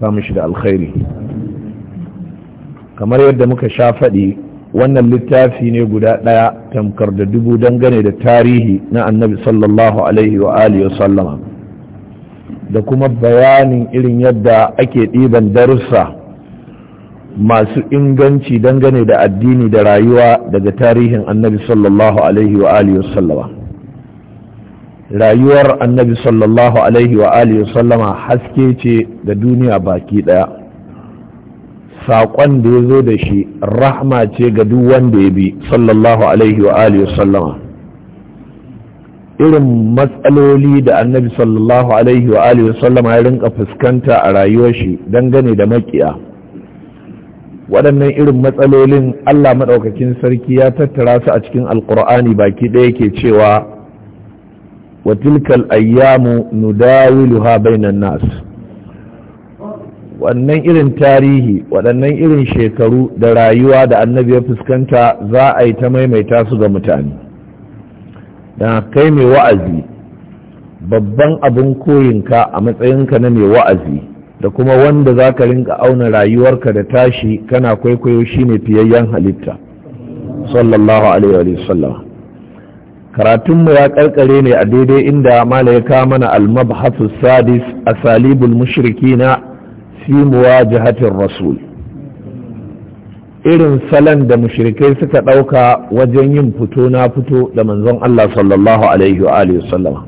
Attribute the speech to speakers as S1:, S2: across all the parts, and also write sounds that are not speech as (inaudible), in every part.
S1: ka mishi da alkhairi kamar yadda muka sha faɗi wannan littafi ne guda ɗaya tamkar da dubu dangane da tarihi na annabi sallallahu alaihi wa alihi sallama da kuma bayanin irin yadda ake ɗiban darussa masu inganci dangane da addini da rayuwa daga tarihin annabi sallallahu alaihi wa alihi sallama rayuwar annabi sallallahu alaihi wa alihi sallama haske ce da duniya baki daya saƙon da ya zo da shi rahma ce ga duk wanda ya bi sallallahu alaihi wa alihi sallama irin matsaloli da annabi sallallahu alaihi wa alihi sallama ya rinka fuskanta a rayuwar shi dangane da makiya waɗannan irin matsalolin allah maɗaukakin sarki ya tattara su a cikin alkur'ani baki ɗaya ke cewa wa tilkal ayyamu nudawiluha bainan nas wannan irin tarihi waɗannan irin shekaru da rayuwa da annabi ya fuskanta za a yi ta maimaita su ga mutane da kai mai wa'azi babban abin koyinka a matsayinka na mai wa'azi da kuma wanda za ka rinka auna rayuwarka da tashi kana kwaikwayo shi shine fiyayyen halitta sallallahu alaihi wa karatunmu ya karkare ne a daidai inda mala ya kawo mana almabhasu sadis a salibul mushriki na simuwa jihatin rasul irin salon da mushrikai suka ɗauka wajen yin fito na fito da manzon Allah sallallahu alaihi wa alihi sallama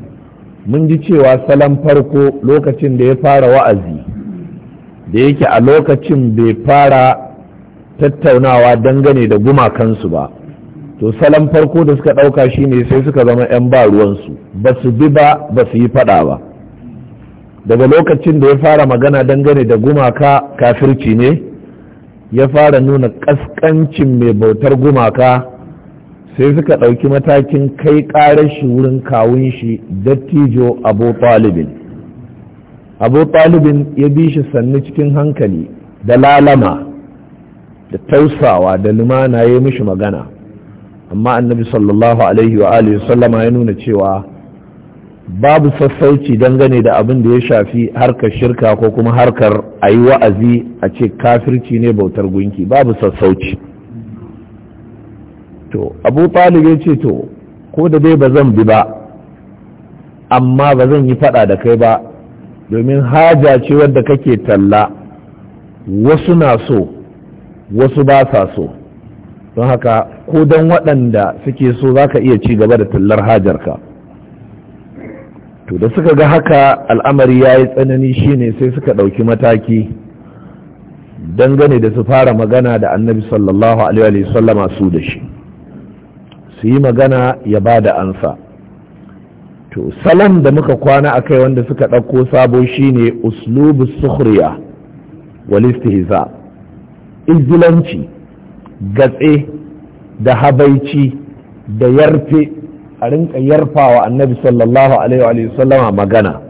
S1: mun ji cewa salon farko lokacin da ya fara wa'azi da yake a lokacin bai fara tattaunawa dangane da gumakansu ba to salon farko da suka ɗauka shine sai suka zama 'yan ba ruwansu ba su bi ba ba su yi faɗa ba daga lokacin da ya fara magana dangane da gumaka kafirci ne ya fara nuna ƙasƙancin mai bautar gumaka sai suka ɗauki matakin kai ƙarar shi wurin kawun shi dattijo abu ɓalibin abu ɗalibin ya bi shi sannu cikin hankali da lalama da tausawa da lumana ya yi mishi magana amma annabi sallallahu alaihi wa alihi sallama ya nuna cewa babu sassauci dangane da abin da ya shafi harkar shirka ko kuma harkar ayi wa'azi a ce kafirci ne bautar gunki babu sassauci to abu talib ya ce to ko da dai ba zan bi ba amma ba zan yi fada da kai ba domin haja ce wadda kake talla wasu na so wasu ba sa so don haka ko don waɗanda suke so za ka iya ci gaba da tallar hajarka to da suka ga haka al'amari ya yi tsanani shine sai suka ɗauki mataki dangane da su fara magana da annabi sallallahu alaihi sallama su da shi su yi magana ya ba da ansa to salam da muka kwana a kai wanda suka ɗauko sabo ne uslubu sukhriya walistihiza izilanci gatse da habaici da yarfe a rinka yarfawa annabi sallallahu alaihi wa sallama magana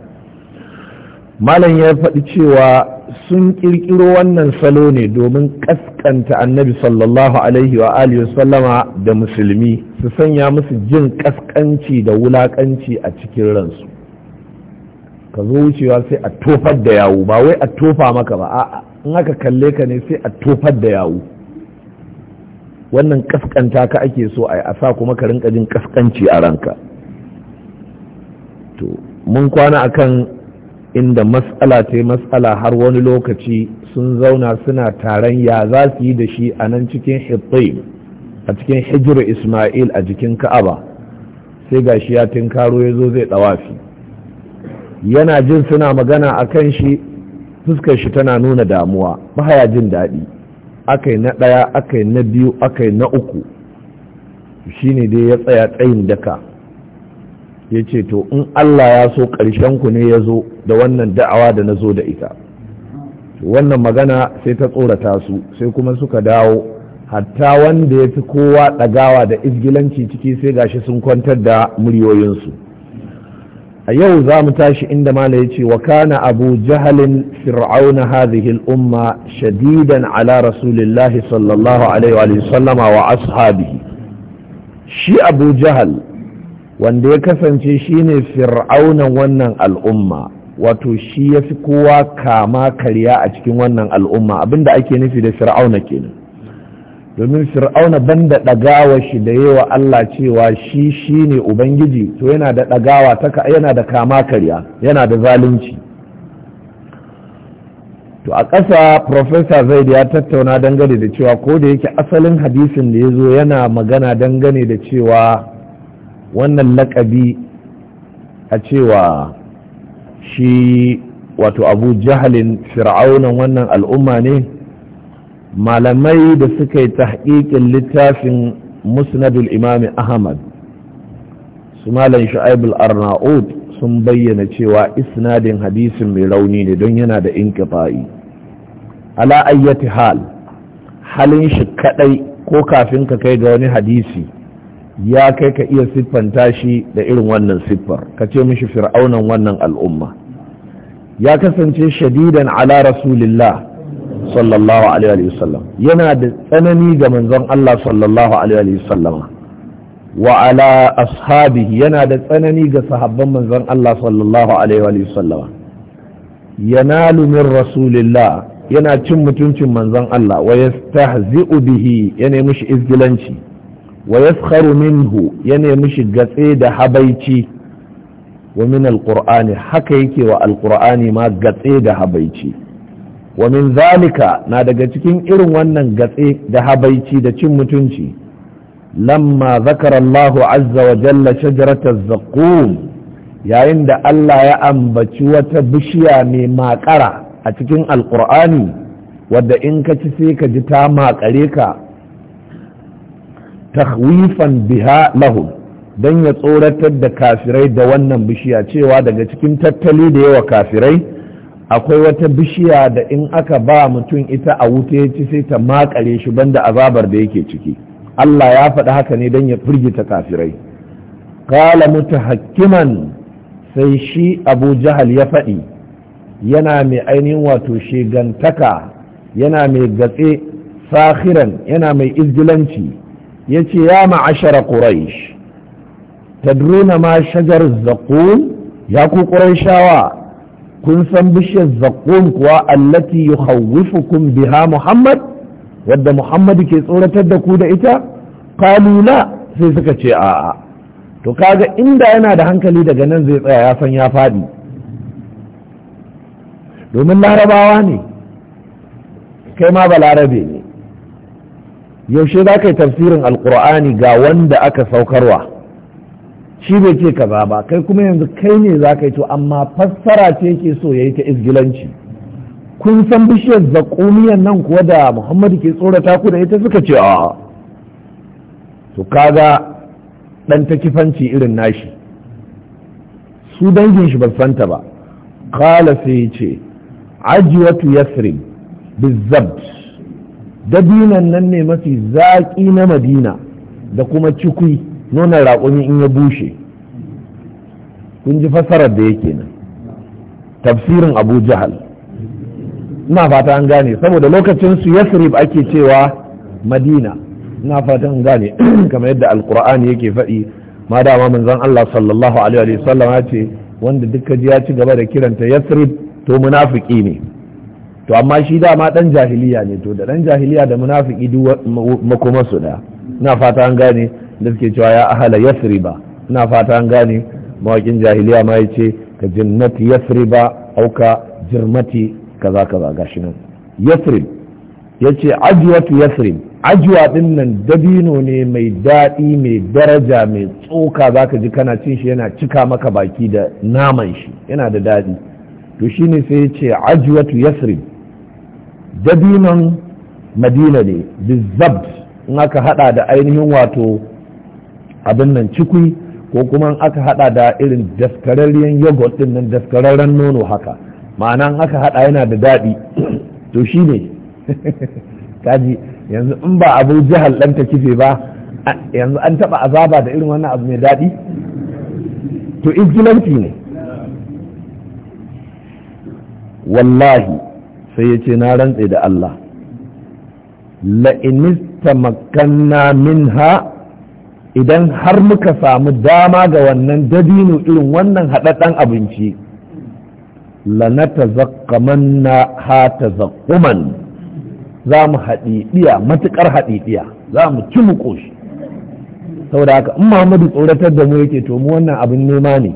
S1: malam ya faɗi cewa sun ƙirƙiro wannan salo ne domin ƙasƙanta annabi sallallahu alaihi wa alihi sallama da musulmi su sanya musu jin ƙasƙanci da wulaƙanci a cikin ransu ka zo wucewa sai a tofar da yawu ba wai a tofa maka ba a'a in aka kalle ka ne sai a tofar da yawu wannan kaskanta ka ake so a sa kuma ka rinka jin kaskanci a ranka to mun kwana akan inda matsala ta matsala har wani lokaci sun zauna suna taron ya za su yi da shi a nan cikin hittim a cikin hijir ismail a jikin ka'aba sai gashi ya tinkaro ya zo zai dawafi yana jin suna magana a kan shi fuskar shi tana nuna damuwa ba ya jin daɗi aka yi na ɗaya aka yi na biyu aka yi na uku shi ne dai ya tsaya tsayin daka ya ce to in Allah ya so ku ne ya zo da wannan da'awa da na zo da ita wannan magana sai ta tsorata su sai kuma suka dawo hatta wanda ya fi kowa ɗagawa da izgilanci ciki sai gashi sun kwantar da muryoyinsu a yau za mu tashi inda mala ya ce wa kana abu jahalin fir'auna hadhihi umma shadidan ala rasulillahi sallallahu alaihi wa sallama wa ashabihi shi abu jahal wanda ya kasance shine fir'aunan wannan al'umma wato shi ya fi kowa kama karya a cikin wannan al'umma abinda ake nufi da fir'auna kenan domin fir'auna banda ɗagawa shi da yawa Allah cewa shi shi ne ubangiji to yana da ɗagawa yana da kama karya yana da zalunci to a ƙasa profesa zaid ya tattauna dangane da cewa ko da yake asalin hadisin da ya zo yana magana dangane da cewa wannan lakabi a cewa shi wato abu jahalin fir'auna wannan al'umma ne malamai da suka yi tahqiqin littafin musnadul imami ahmad su malam shu'aibul arnaud sun bayyana cewa isnadin hadisin mai rauni ne don yana da inkifa'i ala ayyati hal halin shi kadai ko kafin ka kai ga wani hadisi ya kai ka iya siffanta shi da irin wannan siffar ka ce mishi fir'aunan wannan al'umma ya kasance shadidan ala rasulillah sallallahu alaihi wasallam yana da tsanani ga manzon Allah sallallahu alaihi wasallam wa ala ashabihi yana da tsanani ga sahabban manzon Allah sallallahu alaihi wasallam yanalu min rasulillah yana cin mutuncin manzon Allah wa yastahzi'u bihi yana mishi izgilanci wa yaskharu minhu yana mishi gatse da habaici wa min alqur'ani haka yake wa alqur'ani ma gatse da habaici wa min zalika na daga cikin irin wannan gatse da habaici da cin mutunci lamma zakara Allahu azza wa jalla shajaratar zakum yayin da Allah ya ambaci wata bishiya mai makara a cikin alkur'ani wadda in ka ci sai ka ji ta makare ka tahwifan biha lahum don ya tsoratar da kafirai da wannan bishiya cewa daga cikin tattali da yawa kafirai akwai wata bishiya da in aka ba mutum ita a wuta ya ci sai ta makare shi banda azabar da yake ciki Allah ya faɗi haka ne don ya firgita kafirai kala hakiman, sai shi abu jahal ya faɗi yana mai ainihin wato shegantaka yana mai gatse sahiran yana mai izgilanci ya ce ya ma'ashara quraish tadruna ma shajar zaqum ya ku qurayshawa kun san bishiyar zakkun kuwa allati yukhawwifukum biha muhammad wadda muhammad ke tsoratar da ku da ita qalu la sai suka ce a'a to kaga inda yana da hankali daga nan zai tsaya ya san ya fadi domin larabawa ne kai ma ba larabe ne yaushe za ka yi tafsirin alkur'ani ga wanda aka saukarwa shi bai ce kaza ba kai kuma yanzu kai ne za ka yi to amma fassara ce ke so ya yi ta izgilanci kun san bishiyar zaƙumiyar nan kuwa da muhammadu ke tsorata ku da ita suka ce a to kaga ɗan ta kifanci irin nashi su dangin shi ban santa ba kala sai ce ajiyatu yasrib bizzabt dabinan nan ne mafi zaƙi na madina da kuma cikui nonon raƙumi in ya bushe kun ji fassarar da yake nan tafsirin abu jahal ina fata an gane saboda lokacin su yasrib ake cewa madina ina fata an gane (clears throat) kamar yadda alkur'ani yake faɗi ma dama manzon Allah sallallahu alaihi wa sallam ya ce wanda duka ji ya ci gaba da kiranta yasrib to munafiki ne to amma shi dama dan jahiliya ne to da dan jahiliya da munafiki duk makomansu da ina fata an gane da suke cewa ya ahala yasriba ina fata an gane mawakin jahiliya ma ya ce ka jinnati yasriba auka jirmati kaza kaza gashi nan yasrib ya ce ajiyatu yasrib ajiwa din nan dabino ne mai daɗi mai daraja mai tsoka za ka ji kana cin shi yana cika maka baki da naman shi yana da daɗi to shi ne sai ya ce ajiwatu yasrib dabinon madina ne bizabt in aka hada da ainihin wato abin nan cikui ko kuma aka hada da irin daskararren yogurt din nan daskararren nono haka ma'ana aka hada yana da daɗi to shi ne (laughs) kaji yanzu in ba abu jihar ɗan ta kife ba yanzu an taɓa azaba da irin wannan abu mai daɗi to izgilanti ne wallahi sai ya ce na rantse da Allah makanna min ha? idan har muka samu dama ga wannan dabino irin wannan haɗaɗɗen abinci lanata zakkamanna ha ta zakuman, za mu haɗiɗiya matuƙar haɗiɗiya za mu ci mu ƙoshi saboda haka in Muhammadu tsoratar da mu yake to mu wannan abin nema ne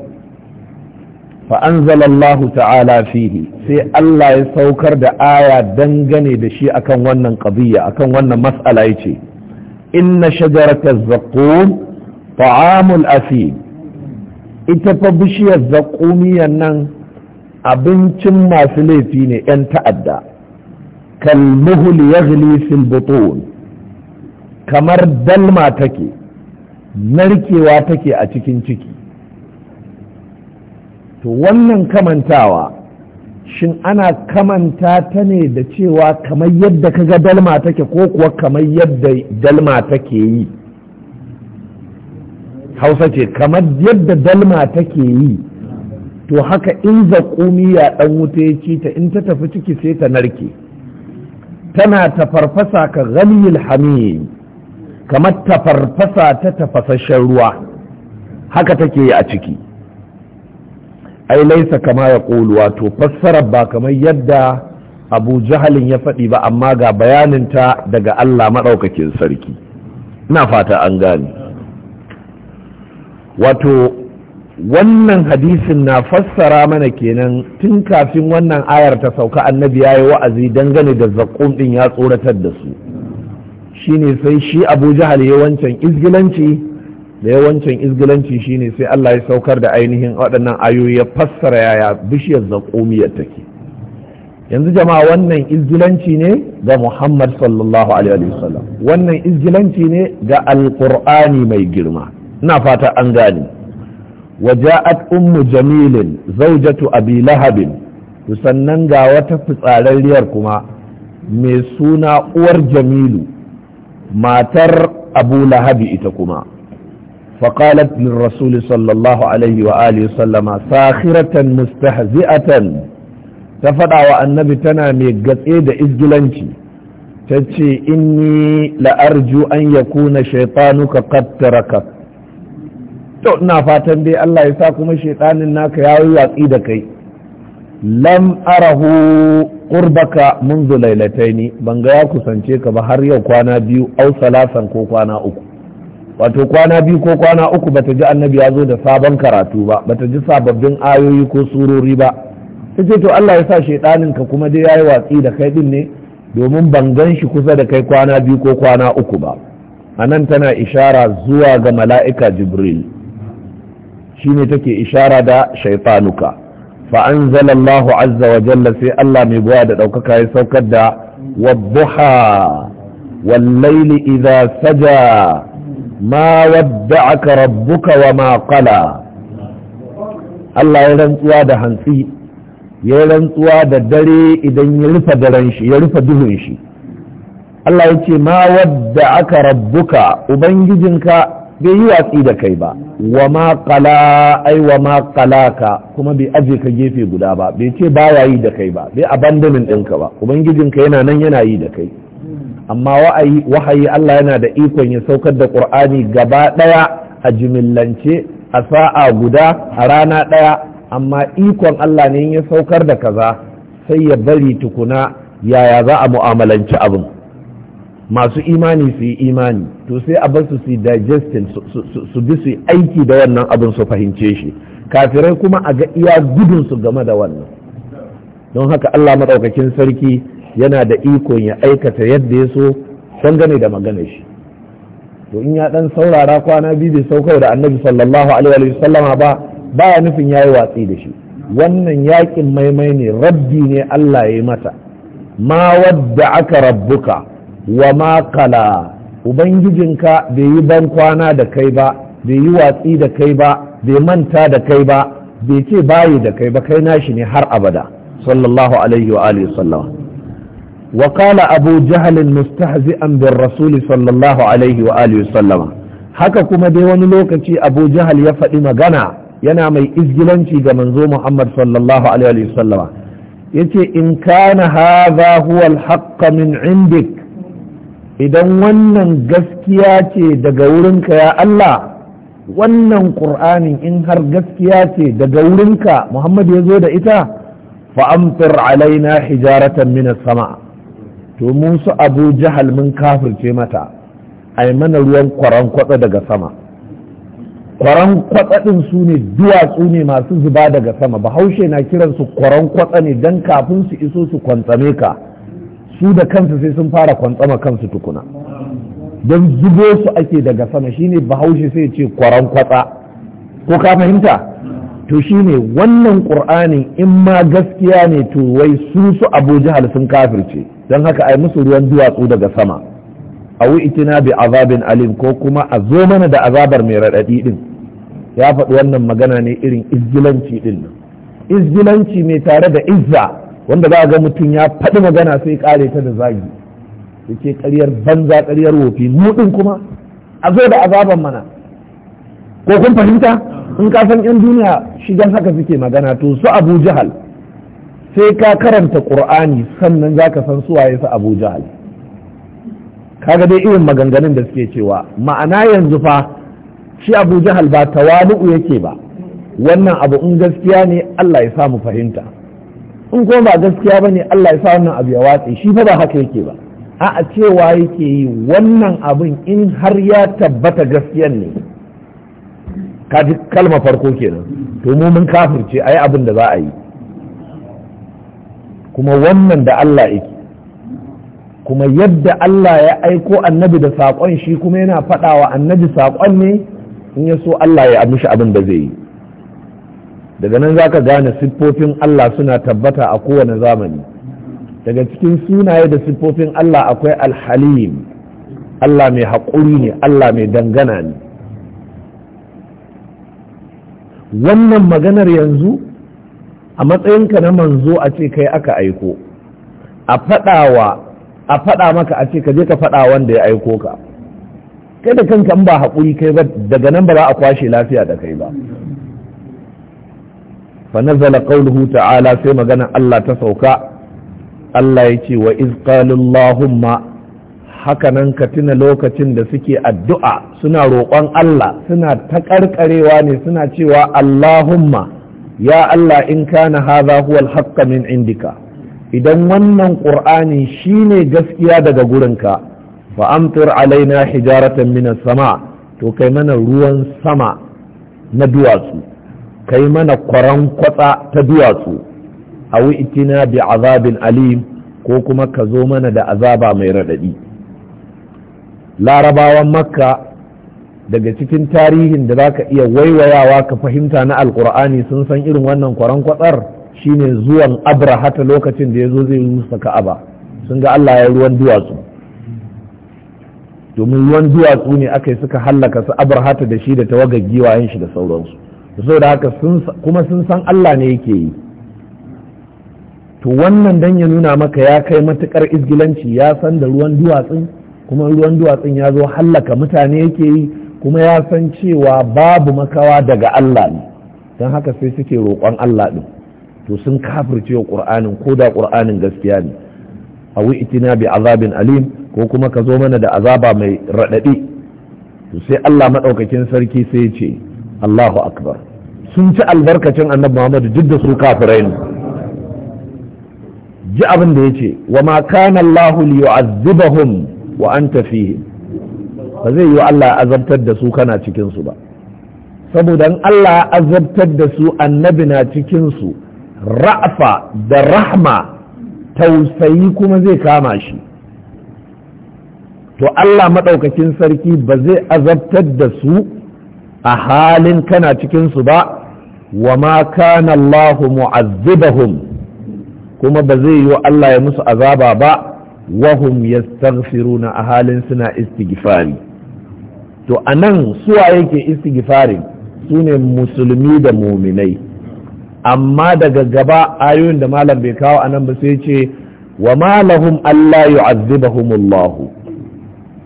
S1: fa anzalallahu ta'ala fihi sai Allah ya saukar da aya dangane da shi akan wannan qadiyya akan wannan mas'ala yace inna shajaratar zaƙum ta'amul afi ita fa bishiyar zaƙumiyan nan abincin masu laifi ne 'yan ta'adda kalmuhul yaghli fil butun kamar dalma take narkewa take a cikin ciki to wannan kamantawa shin ana kamanta ta ne da cewa kamar yadda kaga dalma take ko kuwa kamar yadda dalma take yi hausa ce kamar yadda dalma take yi to haka in zaƙumi ya ɗan wuta ya ci ta in ta tafi ciki sai ta narke tana tafarfasa ka ghalil hamiyi kamar tafarfasa ta tafasashen ruwa haka take yi a ciki ai laisa kama ya ƙulu wato fassarar ba kamar yadda abu jahalin ya faɗi ba amma ga bayanin ta daga allah maɗaukakin sarki ina fata an gane wato wannan hadisin na fassara mana kenan tun kafin wannan ayar ta sauka annabi ya yi wa'azi dangane da zakkun ɗin ya tsoratar da su shine sai shi abu jahal ya wancan izgilanci da yawancin izgilanci shine sai Allah ya saukar da ainihin waɗannan ayoyi ya fassara yaya bishiyar zakumiyar take yanzu jama'a wannan izgilanci ne ga Muhammad sallallahu alaihi wasallam wannan izgilanci ne ga alƙur'ani mai girma ina fata an gane ja'at ummu jamilin zawjatu abi lahabin sannan ga wata fitsararriyar kuma mai suna uwar jamilu matar abu lahabi ita kuma فقالت للرسول صلى الله عليه وآله وسلم ساخرة مستهزئة تفدع والنبي تنا ميقصيد إزجلنشي تتشي إني لأرجو أن يكون شيطانك قد تركك to ina fatan dai Allah ya sa kuma shaitanin naka ya yi watsi da kai lam arahu qurbaka منذ ne ban ga ya kusance ka ba har yau kwana biyu au salasan ko kwana uku wato kwana biyu ko kwana uku bata ji annabi ya zo da sabon karatu ba bata ji sababbin ayoyi ko surori ba ta ce to Allah ya sa shaidanin ka kuma dai yayi watsi da kai din ne domin ban gan shi kusa da kai kwana biyu ko kwana uku ba anan tana ishara zuwa ga mala'ika jibril shine take ishara da shaitanuka fa anzala Allah azza wa jalla sai Allah mai buwa da daukaka ya saukar da wadduha wal layli idha saja ma wadda'aka rabbuka wa ma Allah ya rantsuwa da hantsi ya rantsuwa da dare idan ya rufe daren shi ya rufe duhun shi Allah ya ce ma wadda'aka rabbuka ubangijinka bai yi watsi da kai ba wa ma qala ai wa ma kuma bai aje ka gefe guda ba bai ce baya yi da kai ba bai abandonin ɗinka ba Ubangijin ka yana nan yana yi da kai amma wahayi Allah yana da ikon ya saukar da ƙur'ani gaba ɗaya a jimillance a sa'a guda a rana ɗaya amma ikon Allah ne ya saukar da kaza sai ya bari tukuna yaya za a mu'amalanci abin masu imani su yi imani to sai a bar su su digestin su bi su aiki da wannan abin su fahimce shi kafirai kuma a ga iya gudun su game da wannan don haka Allah maɗaukakin sarki yana da ikon ya aikata yadda ya so gane da magana shi to in ya dan saurara kwana biyu bai sauka da annabi sallallahu alaihi wa sallam ba ya nufin yayi watsi da shi wannan yakin maimai ne rabbi ne Allah ya yi mata ma wadda aka rabbuka wa ma Ubangijin ubangijinka bai yi ban kwana da kai ba bai yi watsi da kai ba bai manta da kai ba bai ce bayi da kai ba kai nashi ne har abada sallallahu alaihi wa alihi sallam وقال أبو جهل مستهزئا بالرسول صلى الله عليه وآله وسلم haka kuma dai wani lokaci abu jahal ya faɗi magana yana mai izgilanci ga manzo muhammad sallallahu alaihi wasallama ya ce in kana haza huwa alhaqqa min indik idan wannan gaskiya ce daga wurinka ya allah wannan ƙur'anin in har gaskiya ce daga wurinka muhammad ya zo da ita fa fa'amtar alaina hijaratan min sama to mun su abu jahal mun kafirce mata ai mana ruwan kwaran kwatsa daga sama kwaran kwatsa din su ne duwatsu ne masu zuba daga sama bahaushe na kiransu kwaran kwatsa ne don kafin su iso su kwantsame ka su da kansu sai sun fara kwantsama kansu tukuna don zubo su ake daga sama shine bahaushe sai ce kwaran kwatsa ko ka fahimta to shi ne wannan ƙur'ani in ma gaskiya ne to wai su su abu jihar sun kafirce don haka ai musu ruwan duwatsu daga sama a itina bi azabin alim ko kuma a zo mana da azabar mai raɗaɗi ɗin ya faɗi wannan magana ne irin izgilanci ɗin. nan izgilanci mai tare da izza wanda za a ga mutum ya faɗi magana sai kare ta da zagi ke ƙaryar banza ƙaryar wofi mu kuma a zo da azaban mana ko kun fahimta in ka san yan duniya shi dan haka suke magana to su abu jahal sai ka karanta qur'ani sannan zaka san su waye su abu jahal kaga dai irin maganganun da suke cewa ma'ana yanzu fa shi abu jahal ba tawalu'u yake ba wannan abu in gaskiya ne Allah ya samu fahimta in kuma ba gaskiya ba Allah ya sa wannan abu ya watse shi fa ba haka yake ba a'a cewa yake yi wannan abin in har ya tabbata gaskiyan ne ka ji kalma farko kenan to mu mun kafirce ayi abin da za a yi kuma wannan da Allah yake kuma yadda Allah ya aiko annabi da saƙon shi kuma yana faɗawa annabi saƙon ne in ya so Allah ya mishi abin da zai yi daga nan zaka gane siffofin Allah suna tabbata a kowane zamani daga cikin sunaye da siffofin Allah akwai alhalim Allah mai haƙuri ne Allah mai dangana ne wannan maganar yanzu a matsayinka na manzo a ce kai aka aiko a faɗawa a faɗa maka a ce ka je ka faɗa wanda ya aiko ka kai da kanka ba haƙuri kai ba daga nan ba za a kwashe lafiya da kai ba fa nazala qawluhu ta'ala sai maganar Allah ta sauka Allah ya ce wa iz qala Allahumma hakanan ka tuna lokacin da suke addu'a suna roƙon Allah suna ta ƙarƙarewa ne suna cewa Allahumma ya Allah in kana haza huwal haqqa min indika idan wannan ƙur'ani shine gaskiya daga gurinka fa amtur alaina hijaratan min sama to kai mana ruwan sama na duwatsu kai mana kwaran kwatsa ta duwatsu a itina bi azabin alim ko kuma ka zo mana da azaba mai raɗaɗi larabawan makka daga cikin tarihin da za ka iya waiwayawa ka fahimta na alkur'ani sun san irin wannan kwaran kwatsar shine zuwan abrahata lokacin da ya zo zai musu ka'aba sun ga allah ya ruwan duwatsu domin ruwan duwatsu ne aka yi suka hallaka su abrahata da shi da tawagaggiwa yin shi da sauransu saboda haka kuma sun san allah ne yake yi to wannan dan ya nuna maka ya kai matukar izgilanci ya san da ruwan duwatsun kuma ruwan duwatsun ya zo hallaka mutane yake yi kuma ya san cewa babu makawa daga Allah ne don haka sai suke roƙon Allah ɗin to sun kafirce wa ƙur'anin ko da ƙur'anin gaskiya ne a itina bi azabin alim ko kuma ka zo mana da azaba mai raɗaɗi to sai Allah maɗaukakin sarki sai ce Allahu akbar sun ci albarkacin annabi Muhammadu duk da su kafirai ne ji abin da ya ce wa ma kana Allahu liyu'azzibahum wa an fihi ba zai yi Allah azabtar da su kana cikinsu ba saboda in Allah azabtar da su annabi na cikin su ra'fa da rahma tausayi kuma zai kama shi to Allah maɗaukakin sarki ba zai azabtar da su a halin kana cikinsu ba wa ma kana Allah mu'azzibahum kuma ba zai yi wa Allah ya musu azaba ba wahum yastaghfiruna a halin suna istighfari to anan suwa yake istighfari sune musulmi da muminai amma daga gaba ayoyin da malam bai kawo anan ba sai ce wa ma lahum alla yu'azzibahumullahu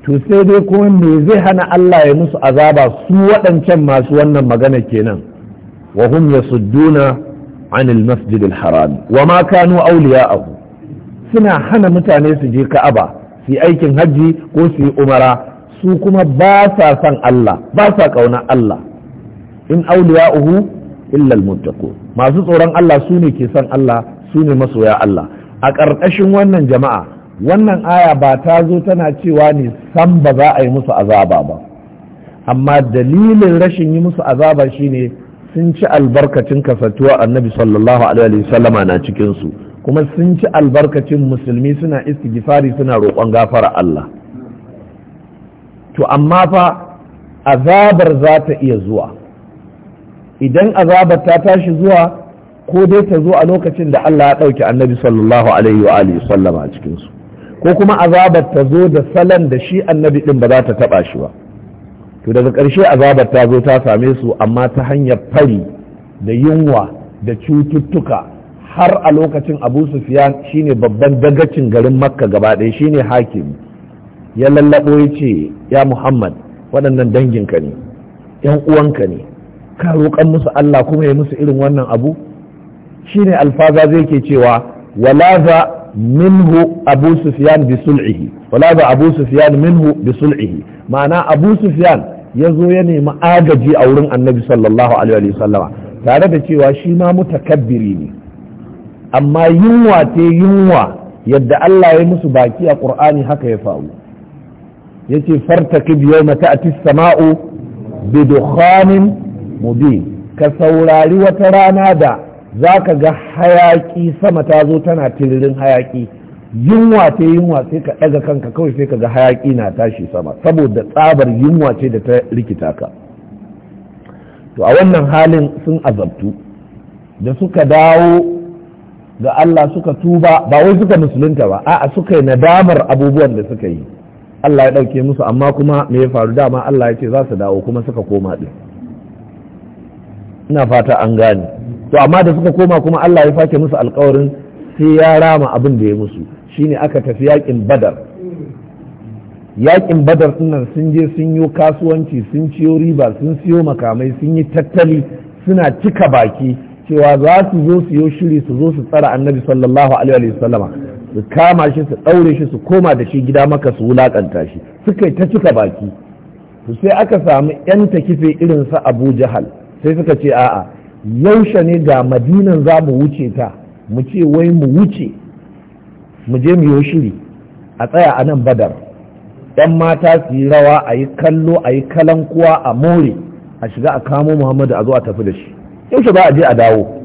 S1: to sai dai kuma me zai hana Allah ya musu azaba su waɗancan masu wannan magana kenan wa hum yasudduna anil masjidil haram wa ma kanu awliya'ahu suna hana mutane su je ka'aba su yi aikin hajji ko su yi umara su kuma ba sa son Allah ba sa ƙauna Allah in uhu illal muttaqu masu tsoron Allah su ne ke son Allah su ne masoya Allah a ƙarƙashin wannan jama'a wannan aya ba ta zo tana cewa ne san ba za a yi musu azaba ba amma dalilin rashin yi musu azaba shine sun ci albarkacin kasatuwa annabi sallallahu alaihi wasallama na cikinsu kuma sun ci albarkacin musulmi suna istighfari suna roƙon gafara Allah to amma fa azabar za ta iya zuwa idan azabar ta tashi zuwa ko dai ta zo a lokacin da Allah ya ɗauki annabi sallallahu alaihi wa alihi sallama a cikinsu ko kuma azabar ta zo da salon da shi annabi ɗin ba za ta taɓa shi ba to daga ƙarshe azabar ta zo ta same su amma ta hanyar fari da yunwa da cututtuka har a lokacin abu sufiyan shine babban dagacin garin makka gaba ɗaya shine hakim ya lallaɓo ya ce ya muhammad waɗannan danginka ne yan uwanka ne ka roƙan musu allah kuma ya musu irin wannan abu shine alfaza zai ke cewa walaza minhu abu sufiyan bi sul'ihi walaza abu sufiyan minhu bi sul'ihi ma'ana abu sufiyan ya zo ya nemi agaji a wurin annabi sallallahu alaihi wa sallama tare da cewa shi ma mutakabbiri ne amma yunwa ce yunwa yadda Allah ya musu baki a ƙur'ani haka ya faru yace ce fartakib yau mata a sama'u dukhanin mubi ka saurari wata rana da za ka ga hayaƙi sama ta zo tana tiririn hayaƙi yunwa ce yunwa sai ka ɗaga kanka kawai sai ka ga hayaƙi na tashi sama saboda tsabar yunwa ce da ta rikita ka to a wannan halin sun azabtu da suka dawo ga Allah suka tuba ba wai suka musulunta ba a'a suka yi nadamar abubuwan da suka yi Allah ya ɗauke musu amma kuma me ya faru dama Allah ya ce za su dawo kuma suka koma ɗin ina fata an gane to amma da suka koma kuma Allah ya fake musu alkawarin sai ya rama abin da ya musu shine aka tafi yakin badar yakin badar nan sun je sun yi kasuwanci sun ciyo riba sun siyo makamai sun yi tattali suna cika baki cewa za su zo su yi shiri su zo su tsara annabi sallallahu alaihi sallama su kama shi su daure shi su koma da shi gida maka su wulakanta shi suka yi ta cika baki to sai aka samu yan takife irin sa abu jahal sai suka ce a'a yaushe ne ga madinan za mu wuce ta mu ce wai mu wuce mu je mu yi shiri a tsaya a nan badar yan mata su yi rawa a yi kallo a yi kalankuwa a more a shiga a kamo muhammadu a zo a tafi da shi yaushe ba a je a dawo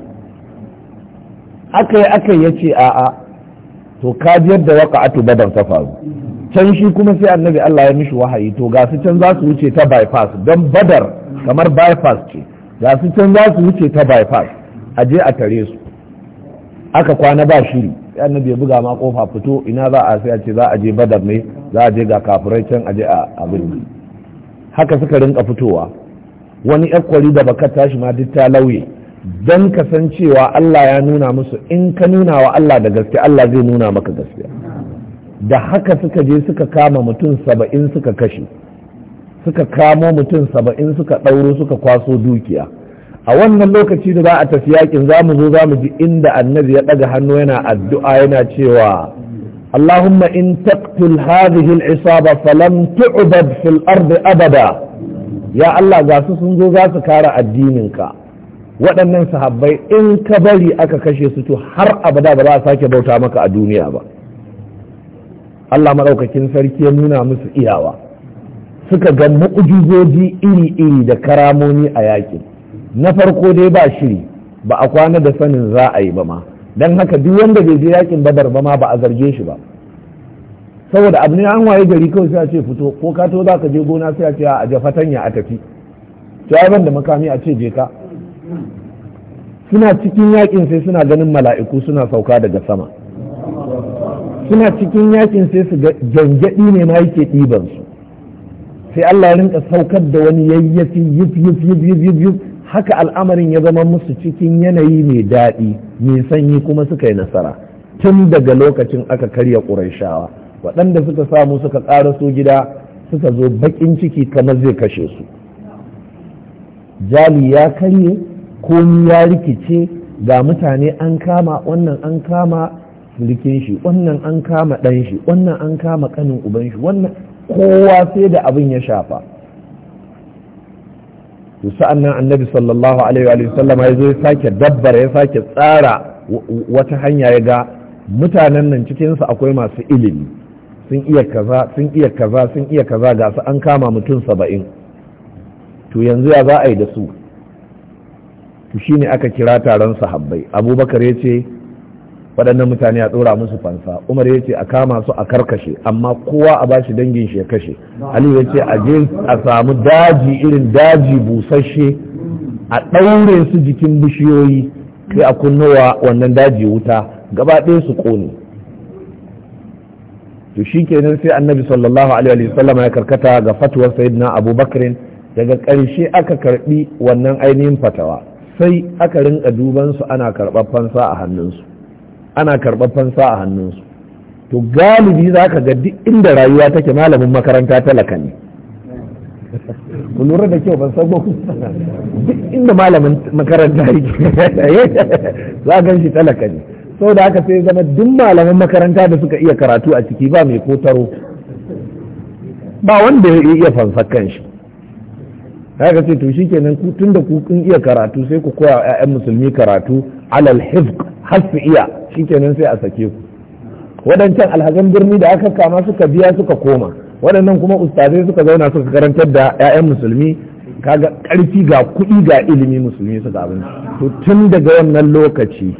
S1: aka yi aka ya ce a'a to ka da yadda a badan ta faru can shi kuma sai annabi Allah ya mishi wahayi to ga su can za su wuce ta bypass don badar kamar bypass ce ga su can za su wuce ta bypass a je a tare su aka kwana ba shiri annabi ya buga ma kofa fito ina za a sai a ce za a je badar ne za a je ga kafurai can a je a abin haka suka rinka fitowa wani kwari da baka tashi ma duk ta lauye don kasancewa Allah ya nuna musu in ka nuna wa Allah da gaske Allah zai nuna maka gaskiya da haka suka je suka kama mutum saba'in suka kashe suka kamo mutum saba'in suka ɗauro suka kwaso dukiya a wannan lokaci da za a tafi yakin za mu zo za mu ji inda annabi ya ɗaga hannu yana addu'a yana cewa Allahumma in taqtul hadhihi al-isaba falam tu'bad fil ardi abada ya Allah ga su sun zo za su kara addininka waɗannan sahabbai in ka bari aka kashe su to har abada ba za a sake bauta maka a duniya ba Allah maɗaukakin sarki ya nuna musu iyawa suka ga mu'ujizoji iri-iri da karamoni a yakin na farko dai ba shiri ba a kwana da sanin za a yi ba ma don haka duk wanda bai je yakin badar ba ma ba a zarge shi ba saboda abu ne an waye gari kawai sai a ce fito ko ka to za ka je gona sai a ce a je fatanya a tafi cewa ban da makami a ce je ka suna cikin yakin sai suna ganin mala'iku suna sauka daga sama suna cikin yakin sai su ga gyangyaɗi ne ma yake ɗiban su sai Allah ya rinka saukar da wani yayyafi yif yif yif yif yif haka al'amarin ya zama musu cikin yanayi mai daɗi mai sanyi kuma suka yi nasara tun daga lokacin aka karya ƙurayshawa waɗanda suka samu suka ƙara so gida suka zo baƙin ciki kamar zai kashe su jali ya karye komi ya rikice ga mutane an kama wannan an kama likin shi wannan an kama ɗan shi wannan an kama ƙanin uban shi wannan kowa sai da abin ya shafa to sa'an nan annabi sallallahu alaihi wa sallama ya ya sake dabbara ya sake tsara wata hanya ya ga mutanen nan cikinsu akwai masu ilimi sun iya kaza sun iya kaza sun iya kaza ga su an kama mutum saba'in to yanzu ya za a yi da su to shi ne aka kira taron sahabbai abubakar ya ce waɗannan mutane a ɗora musu fansa umar ya ce a kama su a karkashe amma kowa a bashi dangin shi ya kashe aliyu ya ce a je a samu daji irin daji busasshe a ɗaure su jikin bishiyoyi kai a kunnowa wannan daji wuta gaba ɗaya su ƙone to shikenan sai annabi sallallahu alaihi wa sallam ya karkata ga fatuwar sayyidina abubakar daga ƙarshe aka karbi wannan ainihin fatawa sai aka rinka duban su ana karɓar fansa a hannunsu ana karɓar fansa a hannunsu to galibi za ka ga duk inda rayuwa take malamin makaranta talaka ne ku lura da kyau ban san ba duk inda malamin makaranta yake (laughs) za gan shi talaka ne da aka sai zama duk malaman makaranta da suka iya karatu a ciki ba mai kotaro ba wanda ya iya fansakan shi haka ce to shikenan ku tun da kun iya karatu sai ku koya ƴaƴan musulmi karatu alal hifq har su iya shikenan sai a sake ku wadancan alhazan birni da aka kama suka biya suka koma waɗannan kuma ustazai suka zauna suka karantar da 'ya'yan musulmi kaga ƙarfi ga kuɗi ga ilimi musulmi suka abin to tun daga wannan lokaci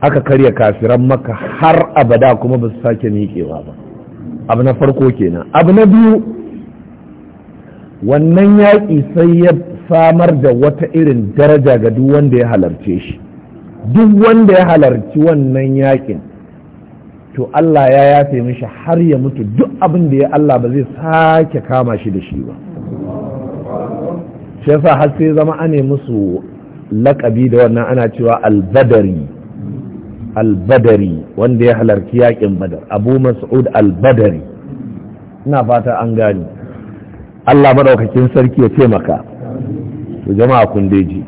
S1: aka karya kafiran maka har abada kuma ba su sake miƙewa ba abu na farko kenan abu na biyu wannan yaƙi sai ya samar da wata irin daraja ga duk wanda ya halarce shi duk wanda ya halarci wannan yaƙin to Allah ya yafe mishi har ya mutu duk abin da ya Allah ba zai sake kama shi da shi ba shi yasa har sai zama ane musu laƙabi da wannan ana cewa albadari Albadari wanda ya halarci yakin badar abu mas'ud albadari ina fata an gani Allah madaukakin sarki ya taimaka to jama'a kun deji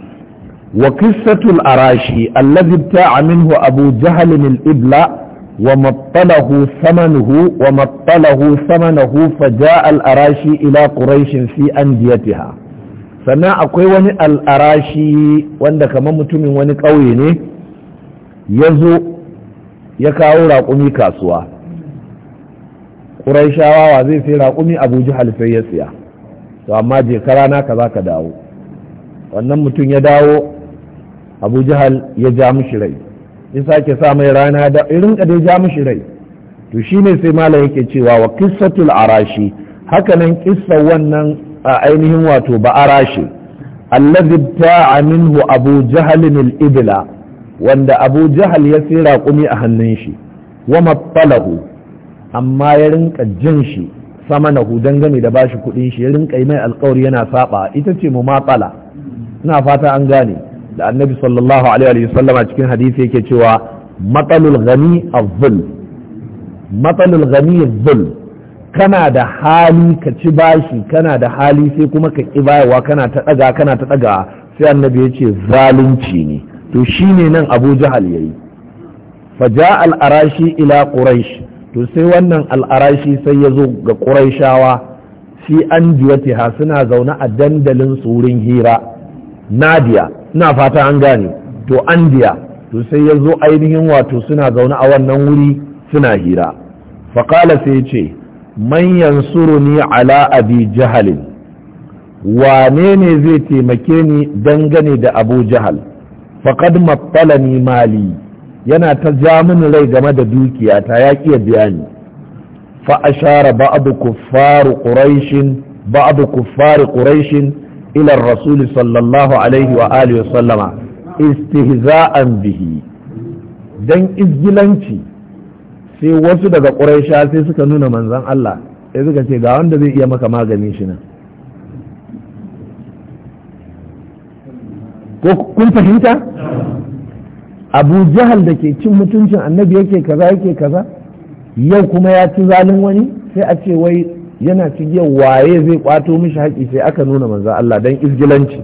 S1: wa qissatul arashi allazi ta'a minhu abu jahl min ibla wa mattalahu thamanuhu wa mattalahu thamanuhu fa ja'a al-arashi ila quraish fi andiyatiha sannan akwai wani al'arashi wanda kamar mutumin wani ƙauye ne ya zo ya kawo raƙumi kasuwa ƙurai shawawa zai sai raƙumi abu sai ya siya to amma je rana ka za ka dawo wannan mutum ya dawo abu jihal ya ja mishi rai ya sake sa mai rana da irin da ja mishi rai to shi ne sai malam yake cewa wa kissatul arashi haka nan kissar wannan a ainihin wato ba arashi allazi ta'a minhu abu jahalin al ibla wanda abu jahal ya sai raƙumi a hannun shi wa mattalahu amma ya rinka jin shi sama na gami da bashi kuɗin shi ya rinka yi mai alkawari yana saba ita ce mu matsala ina fata an gane da annabi sallallahu alaihi wa a cikin hadisi yake cewa matsalul gani azzul matsalul gani azzul kana da hali ka ci bashi kana da hali sai kuma ka ki bayarwa kana ta ɗaga kana ta ɗaga sai annabi ya ce zalunci ne to shi ne nan abu jahal ya yi faja al'arashi ila ƙuraish to sai wannan al'arashi sai ya zo ga ƙuraishawa shi an ha suna zaune a dandalin wurin hira nadiya suna fata an gane to an diya, to sai ya zo ainihin wato suna zaune a wannan wuri suna hira faƙala sai ce suru ni ala abi jahalin wane ne zai taimake ni dangane da abu jahal Faƙad mattalani mali yana ta ja mini rai game da dukiya ta ya kiya biya ni fa ashara ba'du kuffar quraish ba'du kuffar quraish ila rasul sallallahu alaihi wa alihi sallama istihza'an bihi dan izgilanci sai wasu daga quraisha sai suka nuna manzon Allah sai suka ce ga wanda zai iya maka magani shi nan ko kun fahimta abu jahal da ke cin mutuncin annabi yake kaza yake kaza yau kuma ya ci zalin wani sai a ce wai yana yau waye zai kwato mishi haƙi sai aka nuna manzo Allah dan izgilanci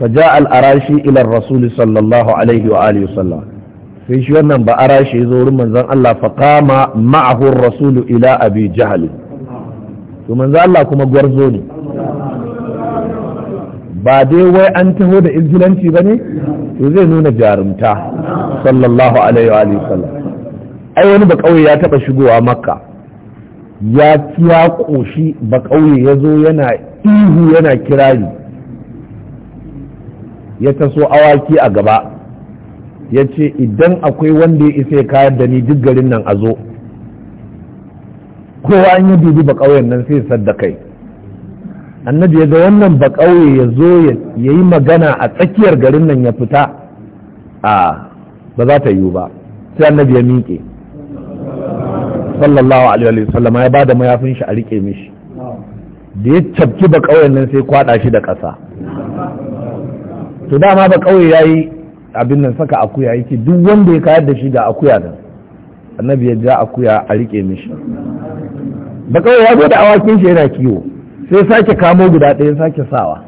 S1: فجاء الأراشي إلى الرسول صلى الله عليه وآله وسلم في شو أنم بأراشي يزور من ذن الله فقام معه الرسول إلى أبي جهل ومن ذن الله كما قرزوني ba dai wai an taho da izgilanci ba ne to zai nuna jarumta sallallahu alaihi wa sallam ai wani ba kauye ya taba shigowa makka ya kiya koshi ba kauye ya zo yana ihu yana kirari ya taso awaki a gaba ya ce idan akwai wanda ya isa ya kayar da ni duk garin nan a zo kowa an yi bibi ba kauyen nan sai sadda kai annabi ya ga wannan ba ƙauye ya zo ya yi magana a tsakiyar garin nan ya fita a ba za ta yiwu ba sai annabi ya miƙe sallallahu alaihi wasallam ya bada mayafin shi a rike mishi da ya cafki ba ƙauyen nan sai kwada shi da ƙasa to dama ba ƙauye ya yi abin nan saka akuya yake duk wanda ya kayar da shi ga akuya nan annabi ya ja akuya a rike mishi ba ƙauye ya zo da awakin shi yana kiwo sai sake kamo guda ɗaya sake sawa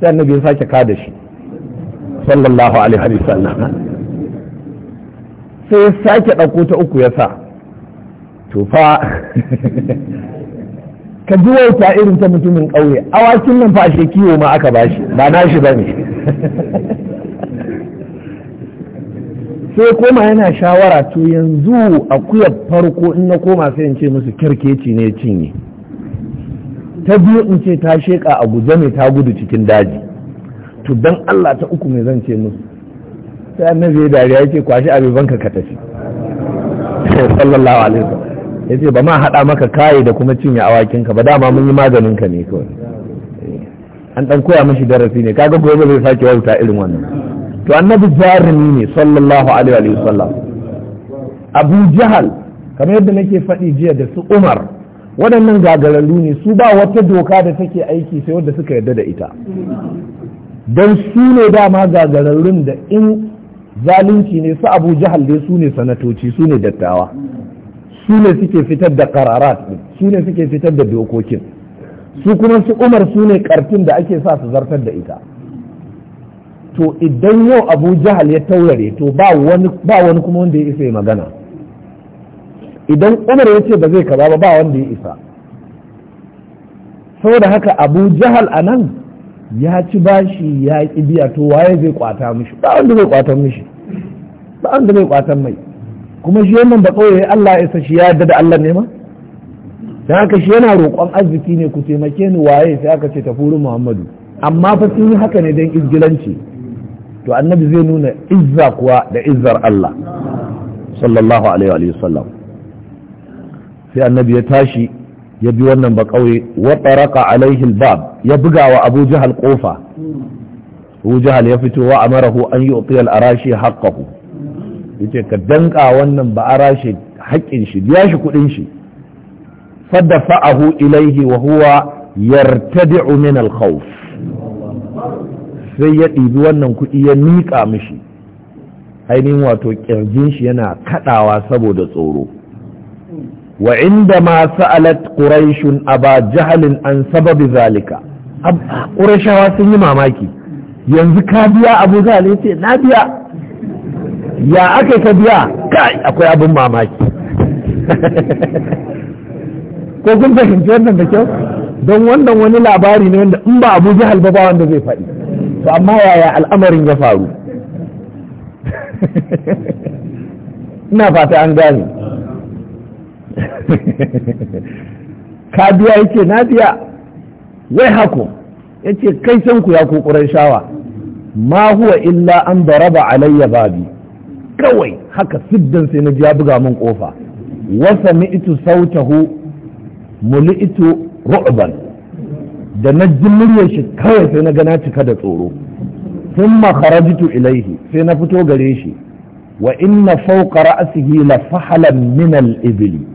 S1: sai annabi ya sake kada shi sallallahu alaihi wa sallam sai ya sake ɗauko ta uku ya sa to fa (laughs) ka ji wauta irin ta mutumin ƙauye awakin nan fa kiwo ma aka bashi ba nashi bane
S2: (laughs)
S1: sai koma yana shawara to yanzu akuyar farko in na koma sai in ce musu kirkeci ne cinye ta biyu in ce ta sheƙa a guje mai ta gudu cikin daji to dan Allah ta uku mai zan ce musu sai annabi ya dariya yake kwashi banka ka tafi sallallahu alaihi wasallam yace ba ma hada maka kai da kuma cinye awakin ka ba dama mun yi maganin ka ne kawai an dan koya mishi darasi ne kaga gobe zai sake wauta irin wannan to annabi jarumi ne sallallahu alaihi wasallam abu jahal kamar yadda nake faɗi jiya da su umar waɗannan gagararru ne su ba wata doka da take aiki sai wadda suka yarda da ita don su ne dama gagararrun da in zalunci ne su abu jihar dai su ne sanatoci su ne dattawa su ne suke fitar da kararat su ne suke fitar da dokokin su kuma su umar su ne karfin da ake sa su zartar da ita to idan yau abu jihar ya taurare to ba wani kuma wanda ya isa magana idan umar ya ce ba zai kaza ba ba wanda ya isa saboda haka abu jahal a nan ya ci bashi ya ki biya to waye zai kwata mishi ba wanda zai kwata mishi ba wanda zai kwata mai kuma shi wannan ba kawai Allah ya isa shi ya yarda da Allah ne ma dan haka shi yana roƙon arziki ne ku taimake ni waye sai aka ce tafurin Muhammadu amma fa sun haka ne dan izgilanci to annabi zai nuna izza kuwa da izzar Allah sallallahu alaihi wa sallam sai annabi ya tashi ya bi wannan ba kauye wa taraka alaihi albab ya buga wa abu jahal kofa abu jahal ya fito wa amarahu an yu'ti al-arashi haqqahu yace ka danka wannan ba arashi haƙƙin shi biya shi kuɗin shi fadafa'ahu ilaihi wa huwa yartadi'u min al-khawf sai ya ɗibi wannan kuɗi ya miƙa mishi ainihin wato ƙirjin shi yana kaɗawa saboda tsoro wa inda ma sa'alat quraishun aba jahalin an sababi zalika qurayshawa sun yi mamaki yanzu ka biya abu jahal ce na biya ya aka ka biya kai akwai abin mamaki ko kun fahimci wannan da kyau don wannan wani labari ne wanda in ba abu jahal ba ba wanda zai faɗi to amma yaya al'amarin ya faru ina fata an gani. kaduwa ya yace na biya wai haku yace kai san ku ya ku shawa ma huwa illa an raba alayya babi kawai haka siddan sai na ji ya buga min kofa wa sami'tu sautahu itu ru'ban da na ji muryar shi kawai sai na gana cika da tsoro thumma kharajtu ilaihi sai na fito gare shi wa inna fawqa ra'sihi la fahalan min al-ibli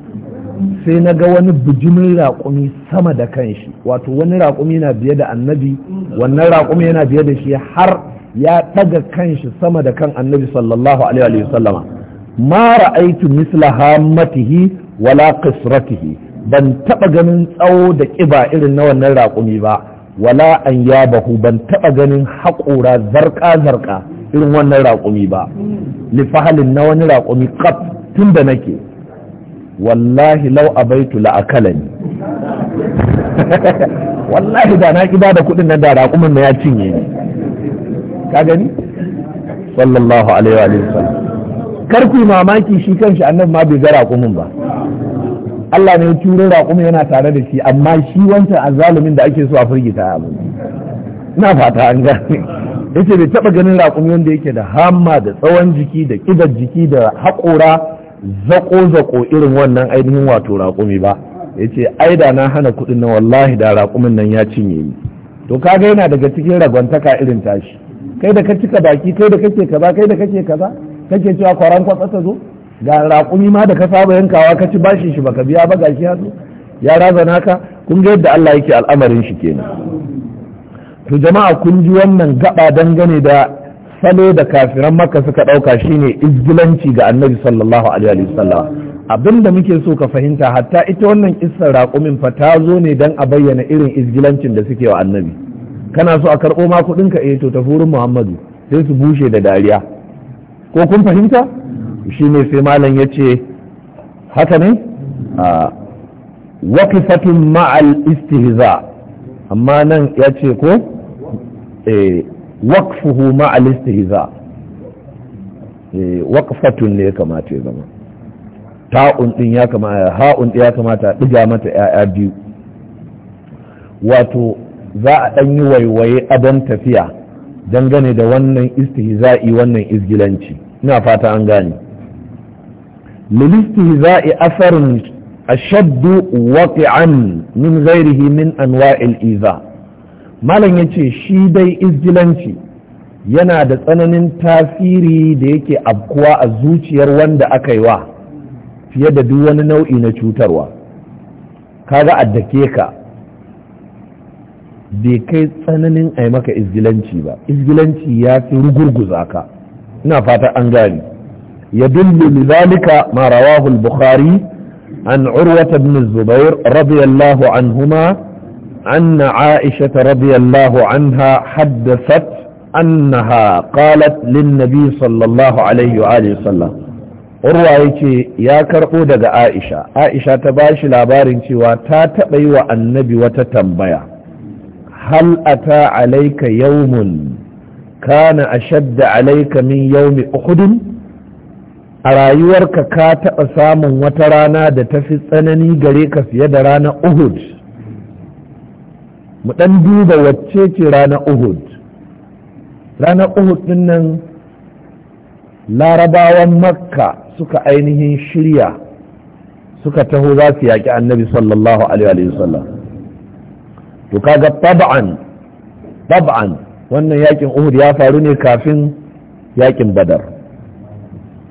S1: sai na ga wani bijimin raƙumi sama da kanshi wato wani raƙumi yana biye da annabi wannan raƙumi yana biye da shi har ya ɗaga kanshi sama da kan annabi sallallahu alaihi wa sallama ma ra'aitu misla hammatihi wala qisratihi ban taba ganin tsawo da kiba irin na wannan raƙumi ba wala an yabahu ban taba ganin haƙura zarka zarka irin wannan raƙumi ba li fahalin na wani raƙumi kaf tun da nake wallahi lau abaitu la akalani wallahi da na kiba da kudin nan da raƙumin ya cinye ni ka gani sallallahu alaihi wa sallam kar ku mamaki shi kanshi annabi ma bai ga raƙumin ba Allah ne ya turo raƙumin yana tare da shi amma shi wancan azalumin da ake so a firgita mun na fata an gane yace bai taba ganin raƙumi wanda yake da hamma da tsawon jiki da kibar jiki da haƙora zako-zako irin wannan ainihin wato raƙumi ba ya ce ai da na hana kuɗin na wallahi da raƙumin nan ya cinye ni to kaga yana daga cikin ragwantaka irin tashi kai da ka cika baki kai da kake kaza kai da kake kaza kake cewa kwaran kwatsa ta zo ga raƙumi ma da ka saba yankawa ka ci bashin shi baka biya ba gashi ya zo ya razana ka kun ga yadda Allah yake al'amarin shi kenan to jama'a kun ji wannan gaba dangane da salo da kafiran maka suka ɗauka shine izgilanci ga annabi sallallahu alaihi wasallam abinda muke so ka fahimta hatta ita wannan kissar raƙumin fa ta zo ne dan a bayyana irin izgilancin da suke wa annabi kana so a karɓo ma kudin ka eh to tafurin muhammadu sai su bushe da dariya ko kun fahimta shine sai malam yace ce haka ne waqifatun ma'al istihza amma nan yace ce ko eh waqfuhu ma al-istihza eh, waqfatun ne ya kamata ya zama ta'un din ya kamata ha'un ya kamata diga mata ya'ya biyu wato za a dan yi waiwaye adon tafiya dangane da wannan istihza'i wannan izgilanci ina fata an gane lil istihza'i asarun ashaddu waqi'an min ghairihi min anwa'il iza malam ya ce shi dai izgilanci yana da tsananin tasiri da yake afkuwa a zuciyar wanda aka yi wa fiye da duk wani nau'i na cutarwa kaga addake ka bai kai tsananin a yi maka izgilanci ba izgilanci ya fi rugurguza ka ina fata an gani ya dillu lidhalika ma rawahu bukhari an urwata ibn zubair radiyallahu anhuma أن عائشة رضي الله عنها حدثت أنها قالت للنبي صلى الله عليه وآله وسلم urwa ya ce ya karɓo daga aisha aisha ta ba shi labarin cewa ta taɓa yi wa annabi wata tambaya hal ata alaika yawmun kana ashadda alaika min yawmi uhudin a rayuwarka ka taɓa samun wata rana da ta fi tsanani gareka fiye da ranar uhud mu ɗan duba wacce ce ranar uhud ranar uhud ɗin nan larabawan makka suka ainihin shirya suka taho za su yaƙi annabi sallallahu alaihi wasallam to kaga tab'an tab'an wannan yakin uhud ya faru ne kafin yakin badar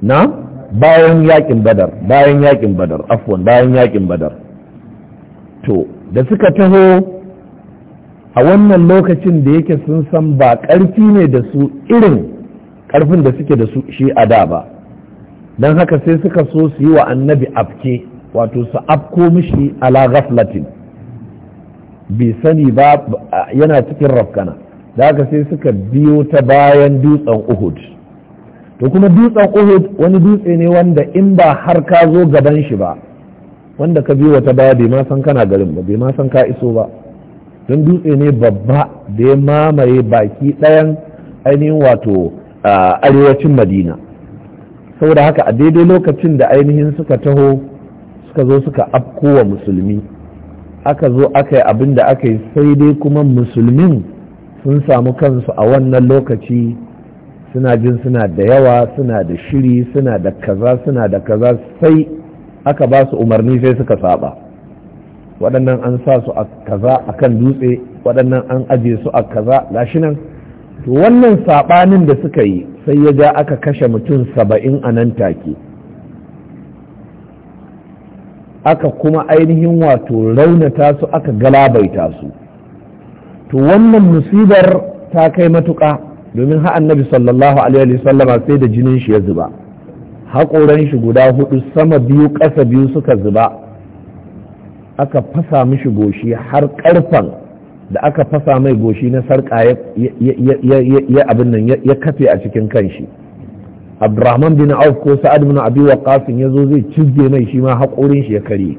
S1: na bayan yakin badar bayan yakin badar afwan bayan yakin badar to da suka taho a wannan lokacin da yake sun san ba ƙarfi ne da su irin ƙarfin da suke da su shi a da ba don haka sai suka so su yi wa annabi afke wato su afko mishi ala ghaflatin bai sani ba yana cikin rafkana da haka sai suka biyo ta bayan dutsen uhud to kuma dutsen uhud wani dutse ne wanda in ba har ka zo gaban shi ba wanda ka biyo ta baya bai ma san kana garin ba bai ma san ka iso ba don dutse ne babba da ya mamaye baki ɗayan ainihin wato arewacin madina saboda haka a daidai lokacin da ainihin suka taho suka zo suka afkowa musulmi aka zo aka yi abin da aka yi sai dai kuma musulmin sun samu kansu a wannan lokaci suna jin suna da yawa suna da shiri suna da kaza suna da kaza sai aka ba su umarni sai suka saba waɗannan an sa su a kaza a kan dutse waɗannan an aje su a kaza gashi nan to wannan saɓanin da suka yi sai ya ja aka kashe mutum saba'in a nan take aka kuma ainihin wato raunata su aka galabaita su to wannan musibar ta kai matuƙa domin ha annabi sallallahu alaihi wa sallama sai da jinin shi ya zuba haƙoran shi guda hudu sama biyu ƙasa biyu suka zuba aka fasa mishi goshi har karfan da aka fasa mai goshi na sarƙa ya abin nan ya kafe a cikin kanshi abdurrahman bin auf ko sa'ad bin abi waqas ya zo zai cizge mai shi ma haƙorin shi ya kare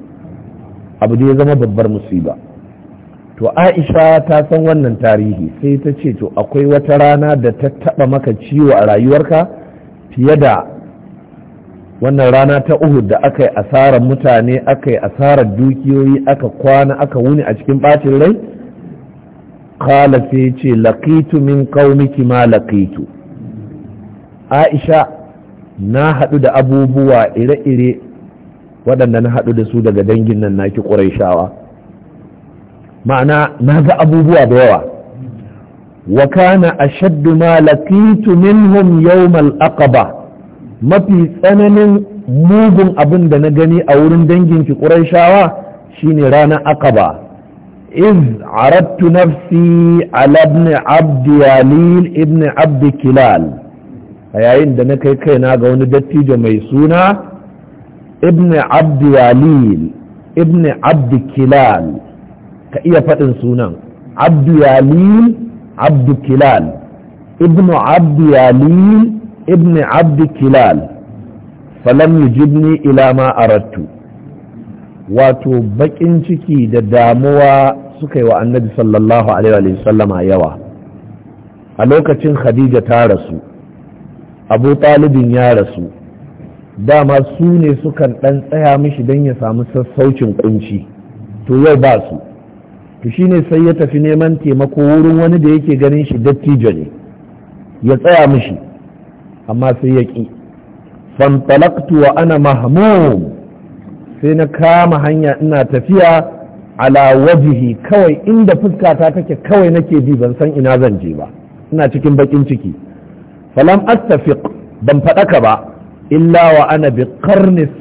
S1: abu da ya zama babbar musiba to aisha ta san wannan tarihi sai ta ce to akwai wata rana da ta taba maka ciwo a rayuwarka fiye da wannan rana ta uhud da aka yi asarar mutane aka yi asarar dukiyoyi aka kwana aka wuni a cikin bacin rai kala sai ce laqitu min qaumiki ma Lakitu. aisha na haɗu da abubuwa ire-ire waɗanda na haɗu da su daga dangin nan naki ƙuraishawa ma'ana na ga abubuwa da yawa wa kana ashaddu ma laqitu minhum yawmal aqaba mafi tsananin mugun abin da na gani a wurin dangin shi ne shine aka aqaba iz aradtu nafsi ala ibn abd yalil ibn abd kilal a yayin da na kai kaina ga wani dattijo mai suna ibn abd yalil ibn abd kilal ka iya faɗin sunan abd yalil abd kilal ibn abd yalil Ibni abd kilal falam yujibni ila ma arattu wato baƙin ciki da damuwa suka yi wa annabi sallallahu alaihi wa sallama yawa a lokacin khadija ta rasu abu talibin ya rasu dama su ne sukan ɗan tsaya mishi don ya samu sassaucin ƙunci, to yau basu. su to shine sai ya tafi neman taimako wurin wani da yake ganin shi dattijo ne ya tsaya mishi amma sai ya ƙi fantalaktu wa ana mahmum sai na kama hanya ina tafiya ala wajihi kawai inda fuskata take kawai nake bi ban san ina zan je ba ina cikin bakin ciki falam attafiq ban faɗaka ba illa wa ana bi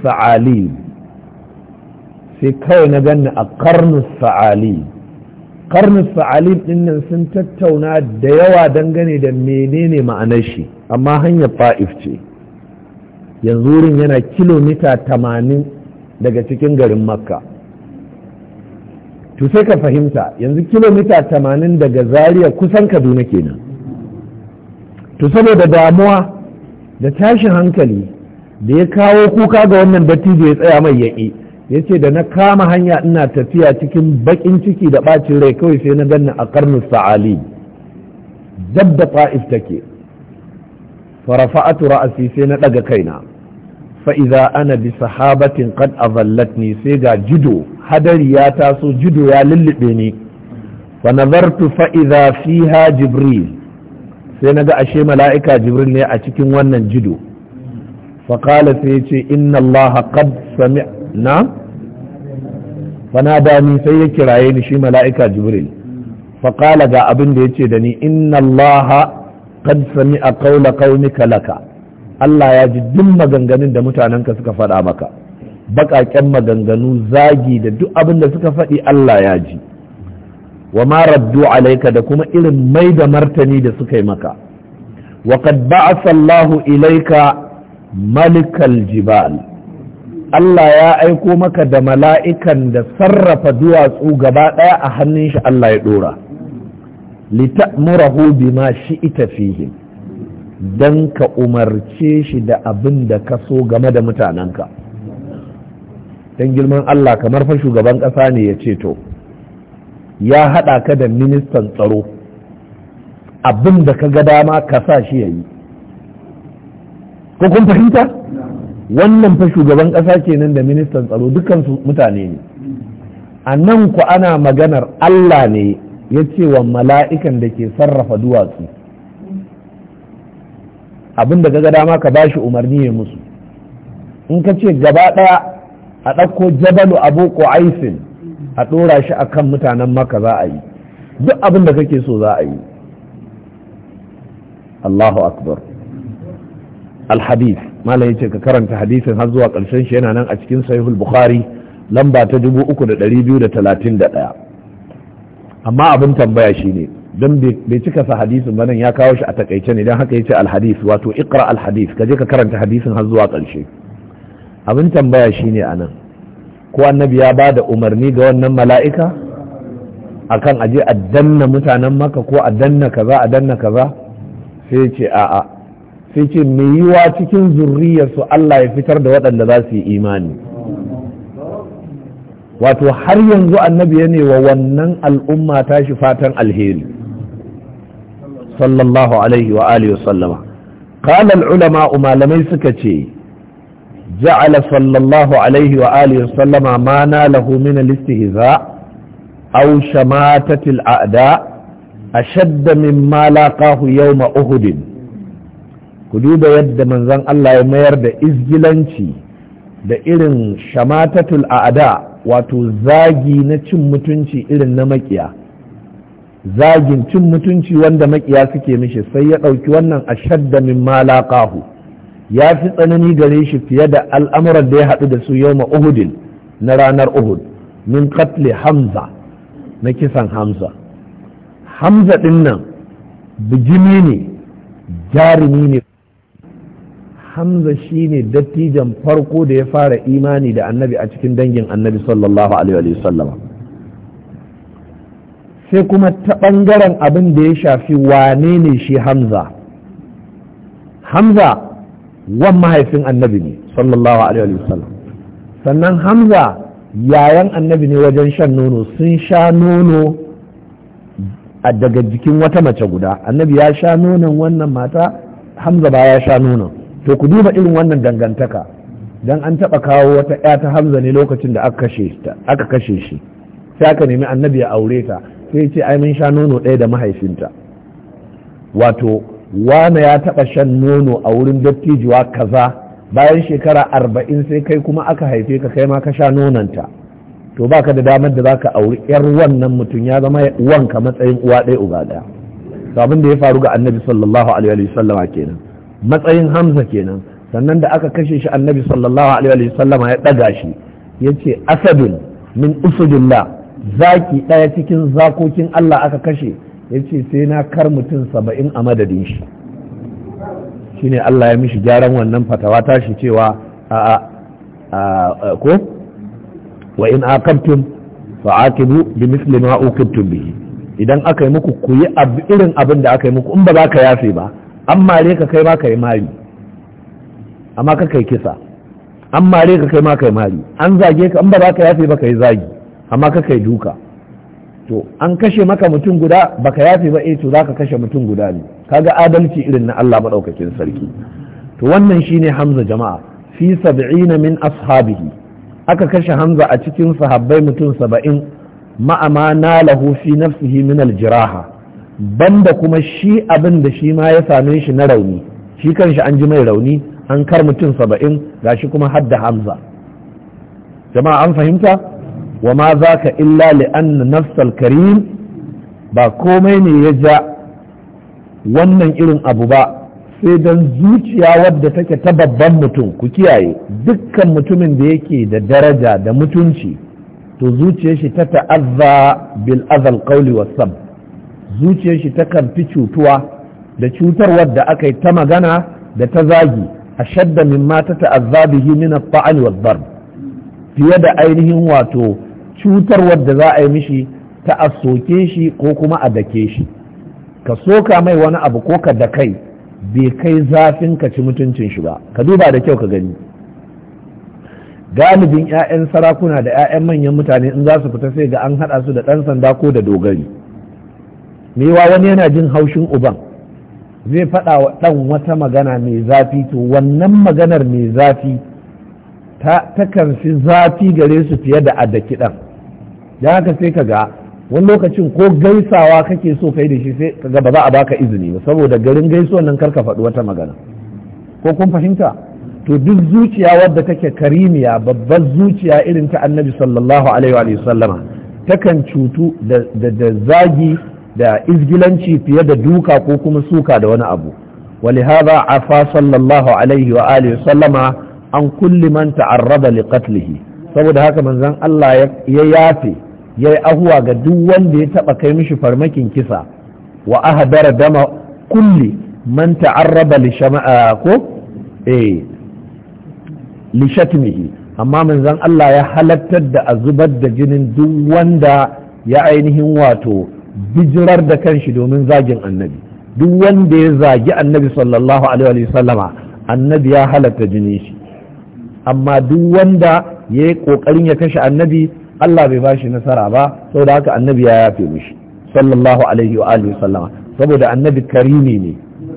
S1: sa'ali sai kawai na ganni a karni sa'ali karnin fa'alin din nan sun tattauna da yawa dangane da menene ma'anar shi amma hanyar fa'if ce yanzu wurin yana kilomita tamanin daga cikin garin makka to sai ka fahimta yanzu kilomita tamanin daga zaria kusan kaduna kenan to saboda damuwa da tashin hankali da ya kawo kuka ga wannan dattijo ya tsaya mai yaƙi ya ce da na kama hanya ina tafiya cikin baƙin ciki da ɓacin rai kawai sai na ganni a karnin sa'ali dabba ta'if take farafa'atu ra'asi sai na ɗaga kaina fa'iza ana bi sahabatin qad azallatni sai ga jido hadari ya taso jido ya lullube ni fa nazartu fa'iza fiha jibril sai na ga ashe mala'ika jibril ne a cikin wannan jido faƙala sai ce inna allaha qad sami fana dani sai ya kiraye ni shi mala'ika jibril faƙala ga abin da ya ce da ni inna allaha a sami'a qawla qaumika laka Allah ya ji duk maganganun da mutanenka suka faɗa maka baƙaƙen maganganu zagi da duk abin da suka faɗi Allah ya ji wa ma alaika da kuma irin mai da martani da suka yi maka wa qad ba'atha Allahu ilaika malikal jibal Allah ya aiko maka da mala'ikan da sarrafa duwatsu gaba ɗaya a hannun shi Allah ya ɗora. ma shi ita fihi don ka umarce shi da abin da ka so game da mutanenka don girman Allah kamar fa shugaban ƙasa ne ya ce to ya haɗa ka da ministan tsaro abin da ka ga dama ka sa shi ya yi ko kun fahimta wannan fa shugaban ƙasa kenan da ministan tsaro dukansu mutane ne a nan ku ana maganar Allah ne ya ce wa mala'ikan da ke sarrafa duwatsu abinda da ga dama ka ba shi umarni ya musu in ka ce gaba ɗaya a ɗauko jabalu abu aisin a ɗora shi a kan mutanen maka za a yi duk abinda da kake so za a yi Allahu akbar alhadis malam ya ce ka karanta hadisin har zuwa ƙarshen shi yana nan a cikin sahihul bukhari lamba ta dubu uku da biyu da talatin da ɗaya amma abin tambaya shine don bai cika sa hadisin ba nan ya kawo shi a takaice ne don haka yace alhadis wato ikra alhadis ka je ka karanta hadisin har zuwa ƙarshe abin tambaya shine a nan ko annabi ya ba da umarni ga wannan mala'ika akan aje a danna mutanen maka ko a danna kaza a danna kaza sai ce a'a sai ce mai yiwa cikin zurriyarsu Allah ya fitar da waɗanda za su yi imani wato har yanzu annabi ya ne wa wannan al'umma tashi fatan alheri sallallahu alaihi wa alihi sallama qala ulama malamai suka ce ja'ala sallallahu alaihi wa alihi sallama ma nalahu min al-istihza aw shamatati ada ashadd mimma laqahu yawma uhudin ku duba yadda manzon Allah ya mayar da izgilanci da irin shamatatul a'ada wato zagi na cin mutunci irin na makiya zagin cin mutunci wanda makiya suke mishi sai ya ɗauki wannan a shadda min malaqahu ya fi tsanani gare shi fiye da al'amuran da ya haɗu da su yau uhudin na ranar uhud min katli hamza na kisan hamza hamza ɗin nan bijimi ne jarumi ne hamza shine dattijan farko da ya fara imani da annabi a cikin dangin annabi sallallahu alaihi wasallama sai kuma ta ɓangaren abin da ya shafi wane ne shi hamza hamza wan mahaifin annabi ne sallallahu alaihi wasallam sannan hamza yayan annabi ne wajen shan nono sun sha nono daga jikin wata mace guda annabi ya sha nonon wannan mata hamza ba ya sha nonon to ku duba irin wannan dangantaka dan an taba kawo wata ya ta hamza ne lokacin da aka kashe shi sai aka nemi annabi ya aure ta sai ce ai mun sha nono ɗaya da mahaifinta wato wane ya taba shan nono a wurin dattijuwa kaza bayan shekara arba'in sai kai kuma aka haife ka kai ma ka sha nonanta to ba ka da damar da za ka auri yar wannan mutum ya zama wanka matsayin uwa ɗaya uba ɗaya abin da ya faru ga annabi sallallahu alaihi wa sallama kenan matsayin hamza kenan sannan da aka kashe shi annabi sallallahu alaihi wasallama ya ɗaga shi ya ce asadun min usudillah zaki ɗaya cikin zakokin Allah aka kashe ya ce sai na kar mutum saba'in a madadin shi shine Allah ya mishi gyaran wannan fatawa tashi cewa a a ko wa in aqabtum aqibu bi misli ma uqibtum bihi idan aka yi muku ku yi irin abin da aka yi muku in ba za ka yafe ba an mare ka kai ma ka yi mari amma ka kai kisa an mare ka kai ma ka yi mari an zage ka an ba za ka yafe ba ka yi zagi amma ka kai duka to an kashe maka mutum guda baka yafe ba eh to za ka kashe mutum guda ne kaga adalci irin na Allah madaukakin sarki to wannan shine Hamza jama'a fi sab'ina min ashabihi aka kashe Hamza a cikin sahabbai mutum saba'in ma'ama nalahu fi nafsihi min aljiraha banda kuma shi abin da shi ma ya same shi na rauni shi kanshi an ji mai rauni an kar mutum saba'in ga shi kuma hadda hamza jama'a an fahimta wa ma za ka illa li'anna nafsal karim ba komai ne ya ja wannan irin abu ba sai don zuciya wadda take ta babban mutum ku kiyaye dukkan mutumin da yake da daraja da mutunci to zuciyar shi ta ta'azza bil azal qawli was sab zuciyar shi takan fi cutuwa da cutarwar da aka yi ta magana da ta zagi a shadda min mata azabi min at-ta'an fiye da ainihin wato cutarwar da za a yi mishi ta asoke shi ko kuma a dake shi ka soka mai wani abu ko ka da kai bai kai zafin ka ci mutuncin shi ba ka duba da kyau ka gani galibin 'ya'yan sarakuna da 'ya'yan manyan mutane in za su fita sai ga an haɗa su da ɗan sanda ko da dogari mewa wani yana jin haushin uban zai faɗa wa ɗan wata magana mai zafi to wannan maganar mai zafi ta kan fi zafi gare su fiye da adaki ɗan don haka sai ka ga wani lokacin ko gaisawa kake so kai da shi sai ka ga ba za a baka izini ba saboda garin gaisuwan nan karka faɗi wata magana ko kun fahimta to duk zuciya wadda take karimiya babbar zuciya irin ta annabi sallallahu alaihi wa sallama takan cutu da zagi da izgilanci fiye da duka ko kuma suka da wani abu ولهذا "Sallallahu alaihi الله wa وآله an kulli كل من تعرض لقتله saboda haka manzon Allah ya yafe ya yi ahuwa ga duk wanda ya taba kai mishi farmakin kisa wa ahdara dama kulli man ta'arrada li shama'a ko eh li shatmihi amma manzon Allah ya halattar da a zubar da jinin duk wanda ya ainihin wato bijirar da kanshi domin zagin annabi duk wanda ya zagi annabi sallallahu alaihi sallama annabi ya halatta jini shi amma duk wanda ya yi kokarin ya kashe annabi Allah bai bashi nasara ba saboda haka annabi ya yafe mishi sallallahu alaihi wa alihi sallama saboda annabi karimi ne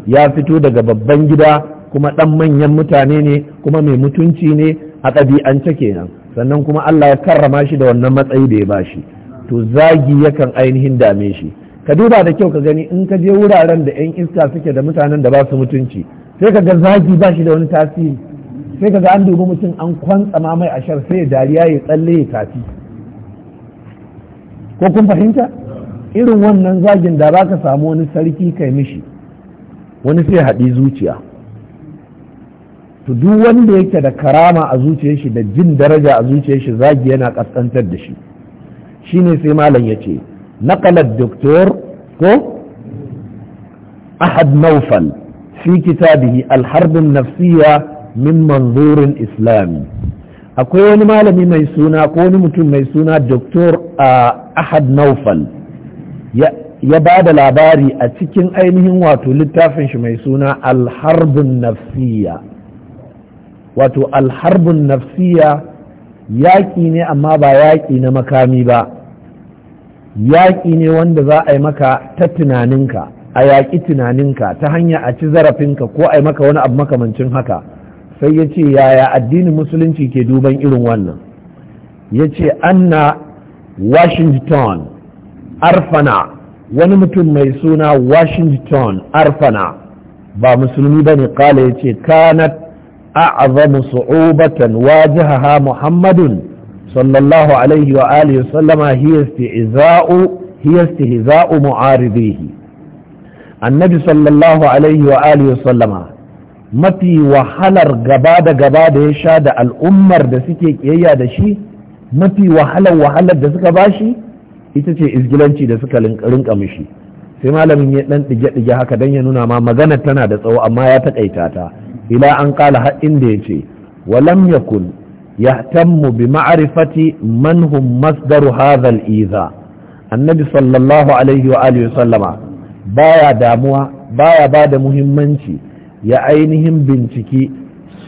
S1: ya fito daga babban gida kuma dan manyan mutane ne kuma mai mutunci ne a ɗabi'ance kenan sannan kuma Allah ya karrama shi da wannan matsayi da ya ba shi. to zagi yakan ainihin dame shi ka duba da kyau ka gani in ka je wuraren da 'yan iska suke da mutanen da ba su mutunci sai ka ga zagi ba shi da wani tasiri sai ka ga an dubi mutum an kwantsama mai ashar sai ya dariya ya tsalle ya tafi ko kun fahimta irin wannan zagin da ba samu wani sarki kai mishi wani sai haɗi zuciya to duk wanda yake da karama a zuciyar shi da jin daraja a zuciyar shi zagi yana ƙasƙantar da shi shine sai malam yace naqala doktor ko ahad naufal fi kitabihi alharbin nafsiya an min manzurin islami akwai wani malami mai suna ko wani mutum mai suna doktor ahad naufal ya ba da labari a cikin ainihin wato littafin shi mai suna alharbin nafsiya wato alharbin nafsiya yaƙi ne amma ba yaƙi na makami ba yaƙi ne wanda za a yi maka ta tunaninka a yaƙi tunaninka ta hanya a ci zarafinka ko a yi maka wani abu makamancin haka sai ya ce yaya addinin musulunci ke duban irin wannan ya ce anna washington
S2: arfana
S1: wani mutum mai suna washington arfana ba musulmi ba ne kala ya ce kanat أعظم صعوبة واجهها محمد صلى الله عليه وآله وسلم هي استهزاء هي استهزاء mafi wahalar gaba da gaba da ya sha da al'ummar da suke kiyayya da shi mafi wahalar wahalar da suka bashi ita ce izgilanci da suka rinka mishi sai malamin ya ɗan ɗige-ɗige haka dan ya nuna ma magana tana da tsawo amma ya taƙaita ta ila an kala har da ya ce walam yakun yahtammu bi ma'arifati man masdaru hadha iza annabi sallallahu alaihi wa alihi sallama baya damuwa baya da muhimmanci ya ainihin binciki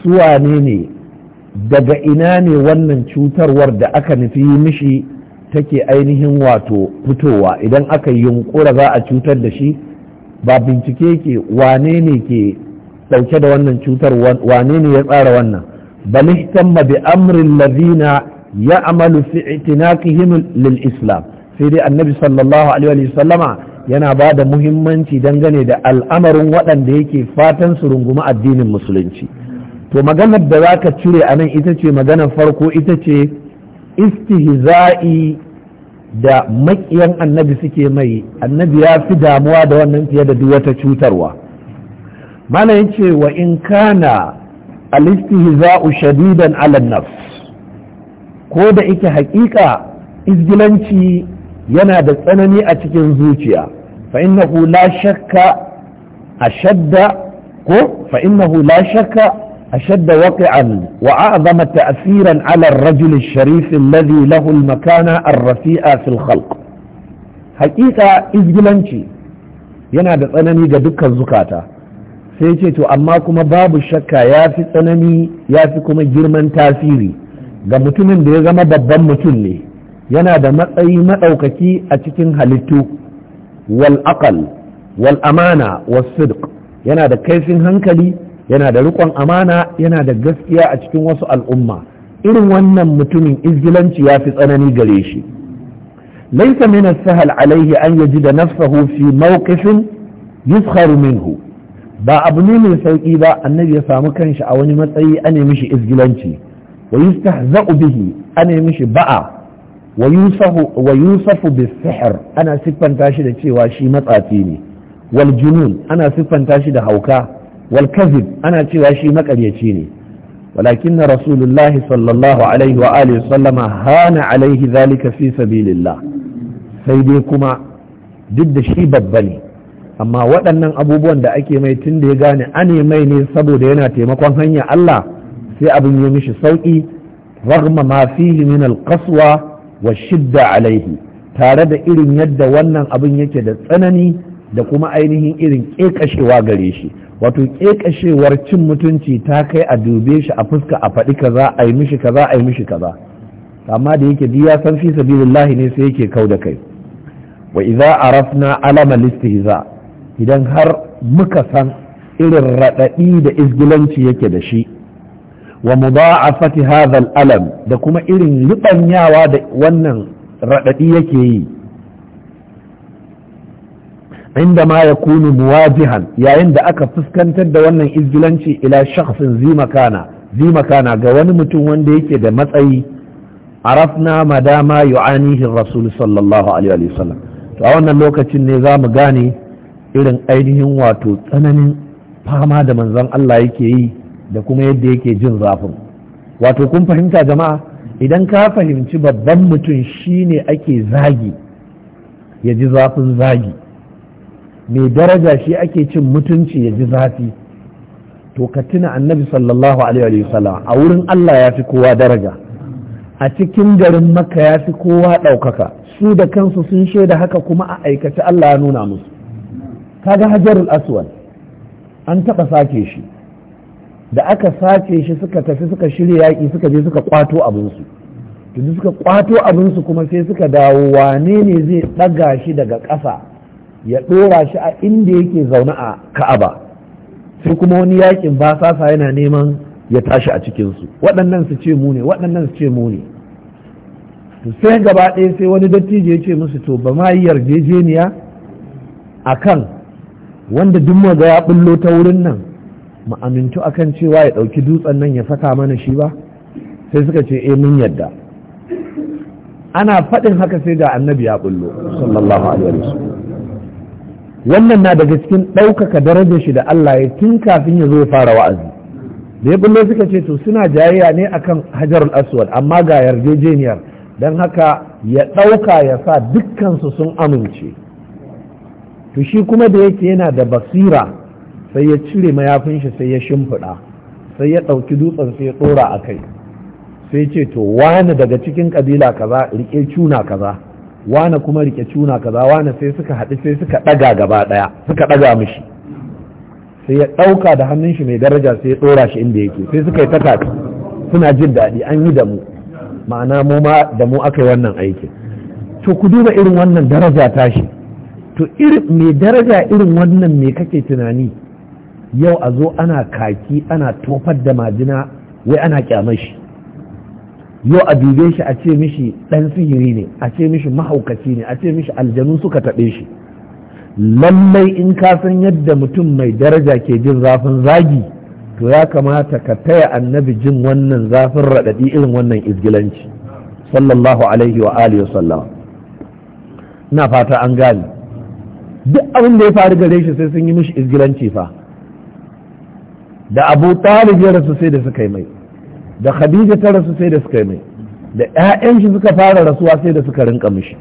S1: suwane ne daga ina ne wannan cutarwar da aka nufi mishi take ainihin wato fitowa idan aka yunkura za a cutar da shi ba bincike ke wane ne ke ɗauke da wannan cutar wane ne ya tsara wannan bal ihtamma bi amrin ladina ya'malu fi itinaqihim lil islam sai dai annabi sallallahu alaihi wa sallama yana ba da muhimmanci dangane da al'amarin waɗanda yake fatan su rungumi addinin musulunci to maganar da zaka cire a nan ita ce maganar farko ita ce istihza'i da makiyan annabi suke mai annabi ya fi damuwa da wannan fiye da duk wata cutarwa mana ce wa in kana al-istihza'u shadidan 'ala an-nafs ko da ike haƙiƙa izgilanci yana da tsanani a cikin zuciya fa innahu la shakka ashadda ko fa innahu la shakka أشد وقعا وأعظم تأثيرا على الرجل الشريف الذي له المكانة الرفيئة yana da tsanani ga dukkan zukata sai ce to amma kuma babu shakka ya fi tsanani ya fi kuma girman tasiri ga mutumin da ya zama babban mutum ne yana da matsayi maɗaukaki a cikin halittu wal wal'amana, wal amana yana da kaifin hankali yana da riƙon amana yana da gaskiya a cikin wasu al'umma irin wannan mutumin izgilanci ya fi tsanani gare shi laisa min sahal alaihi an yajida nafsahu fi mawqifin yuskharu minhu ba abu ne mai sauƙi ba annabi ya samu kanshi a wani matsayi a nemi shi izgilanci wa yustahza'u bihi a ba'a wa yusafu ana siffanta shi da cewa shi matsafi ne wal junun ana siffanta shi da hauka wal kazib ana cewa shi makaryaci ne ولكن رسول الله صلى الله عليه وآله وسلم هان عليه ذلك في sai dai kuma duk da shi babba ne amma waɗannan abubuwan da ake mai tun da ya gane ane mai ne saboda yana taimakon hanya Allah sai abin ya mishi sauƙi ragma ma fihi min alqaswa wa shidda alaihi tare da irin yadda wannan abin yake da tsanani da kuma ainihin irin kekashewa gare shi wato ƙeƙashewar cin mutunci ta kai a dube shi a fuska a faɗi kaza a yi mishi kaza a yi mishi kaza amma da yake biya san fi sabilillahi ne sai yake kau da kai wa idza arafna alama listihza idan har muka san irin raɗaɗi da izgilanci yake da shi wa a hadha al-alam da kuma irin ribanyawa da wannan raɗaɗi yake yi inda ma ya kunu muwajihan yayin da aka fuskantar da wannan izgilanci ila shakfin zimakana zimakana ga wani mutum wanda yake da matsayi arafna madama yu'anihi rasul sallallahu alaihi wasallam to a wannan lokacin ne za mu gane irin ainihin wato tsananin fama da manzon Allah yake yi da kuma yadda yake jin zafin wato kun fahimta jama'a idan ka fahimci babban mutum shine ake zagi ya ji zafin zagi mai daraja shi ake cin mutunci ya ji zafi to ka tuna annabi sallallahu alaihi wasallam a wurin Allah ya fi kowa daraja a cikin garin maka ya fi kowa ɗaukaka su da kansu sun shaida haka kuma a aikace Allah ya nuna musu kaga hajarul aswad an taɓa sace shi da aka sace shi suka tafi suka shirya yaƙi suka je suka kwato abinsu tunda suka kwato abinsu kuma sai suka dawo wane ne zai ɗaga shi daga ƙasa ya ɗora shi a inda yake zaune a ka'aba sai kuma wani yaƙin basasa yana neman ya tashi a cikinsu waɗannan su ce mu ne waɗannan su ce mu ne sai gaba ɗaya sai wani dattijo ya ce musu to ba ma yarjejeniya a kan wanda duk mu ga ya bullo ta wurin nan mu amintu akan cewa ya ɗauki dutsen nan ya saka mana shi ba sai suka ce eh mun yadda ana faɗin haka sai ga annabi ya bullo sallallahu alaihi wasallam wannan na daga cikin ɗaukaka darajar shi da Allah ya tun kafin ya zo fara wa'azi da ya bullo suka ce to suna jayayya ne akan hajarul aswad amma ga yarjejeniyar don haka ya ɗauka ya sa dukkansu sun amince to shi kuma da yake yana da basira sai ya cire mayafin shi sai ya shimfiɗa sai ya ɗauki dutsen sai ya ɗora a kai sai ce to wani daga cikin ƙabila kaza rike cuna kaza wani kuma rike cuna kaza wani sai suka haɗu sai suka ɗaga gaba ɗaya suka ɗaga mishi sai ya ɗauka da hannun shi mai daraja sai ya ɗora shi inda yake sai suka yi taka suna jin daɗi an yi da mu ma'ana mu ma da mu aka yi wannan aikin to ku duba irin wannan daraja tashi to irin mai daraja irin wannan me kake tunani yau a zo ana kaki ana tofar da majina wai ana kyamar shi yau a dube shi a ce mishi ɗan sihiri ne a ce mishi mahaukaci ne a ce mishi aljanu suka taɓe shi lallai in ka san yadda mutum mai daraja ke jin zafin zagi to ya kamata ka taya annabi jin wannan zafin raɗaɗi irin wannan izgilanci sallallahu alaihi wa alihi wa sallam na fata an gani. duk abin da ya faru gare shi sai sun yi mishi izgilanci fa da abu talib ya rasu sai da suka yi mai da khadija ta rasu sai da suka yi mai da 'ya'yan shi suka fara rasuwa sai da suka rinka mishi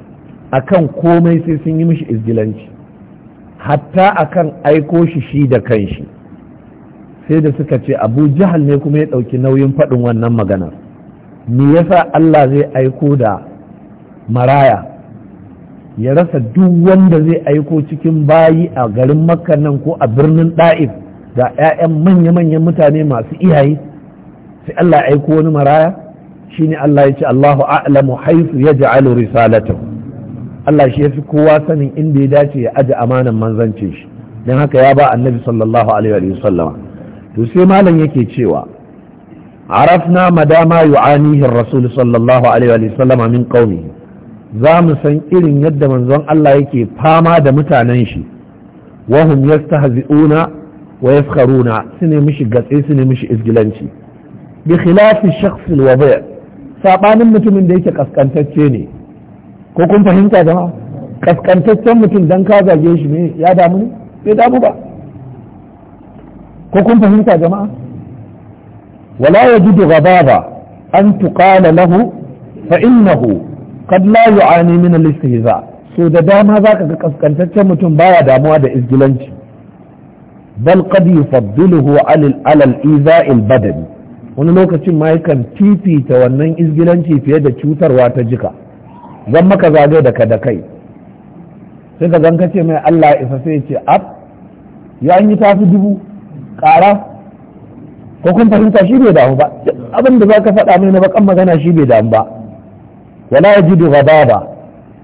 S1: akan komai sai sun yi mishi izgilanci hatta akan aiko shi shi da kanshi sai da suka ce abu jahal ne kuma ya ɗauki nauyin faɗin wannan maganar me yasa Allah zai aiko da maraya ya rasa duk wanda zai aiko cikin bayi a garin makka nan ko a birnin da'if ga 'ya'yan manya-manyan mutane masu iyaye sai Allah ya aiko wani maraya shine Allah ya ce Allahu a'lamu haythu yaj'alu risalatahu Allah shi fi kowa sanin inda ya dace ya aje amanan manzanci. shi dan haka ya ba annabi sallallahu alaihi wa sallama to sai malam yake cewa arafna madama yu'anihi ar-rasul sallallahu alaihi wa sallama min qaumihi za mu san irin yadda manzon Allah yake fama da mutanen shi wahum yastahzi'una wa yaskharuna su ne mishi gatsi, su ne mishi izgilanci bi khilafi shakhs al-wadi' sabanin mutumin da yake kaskantacce ne ko kun fahimta jama'a kaskantaccen mutum dan ka zage shi ne ya damu ne bai damu ba ko kun fahimta jama'a wala yajidu ghadaba an tuqala lahu fa innahu kad la yu'ani min al-istihza so da dama zaka ga kaskantaccen mutum baya damuwa da izgilanci bal qad yufaddiluhu ala al-iza'i al-badani wani lokacin ma yakan fifita wannan izgilanci fiye da cutarwa ta jika zan maka zagaye da da kai sai ka zan kace mai Allah isa sai ce ab ya an yi tafi dubu ƙara ko kun fahimta shi bai damu ba abin da za ka faɗa mai na bakan magana shi bai damu ba wala yajidu ghadaba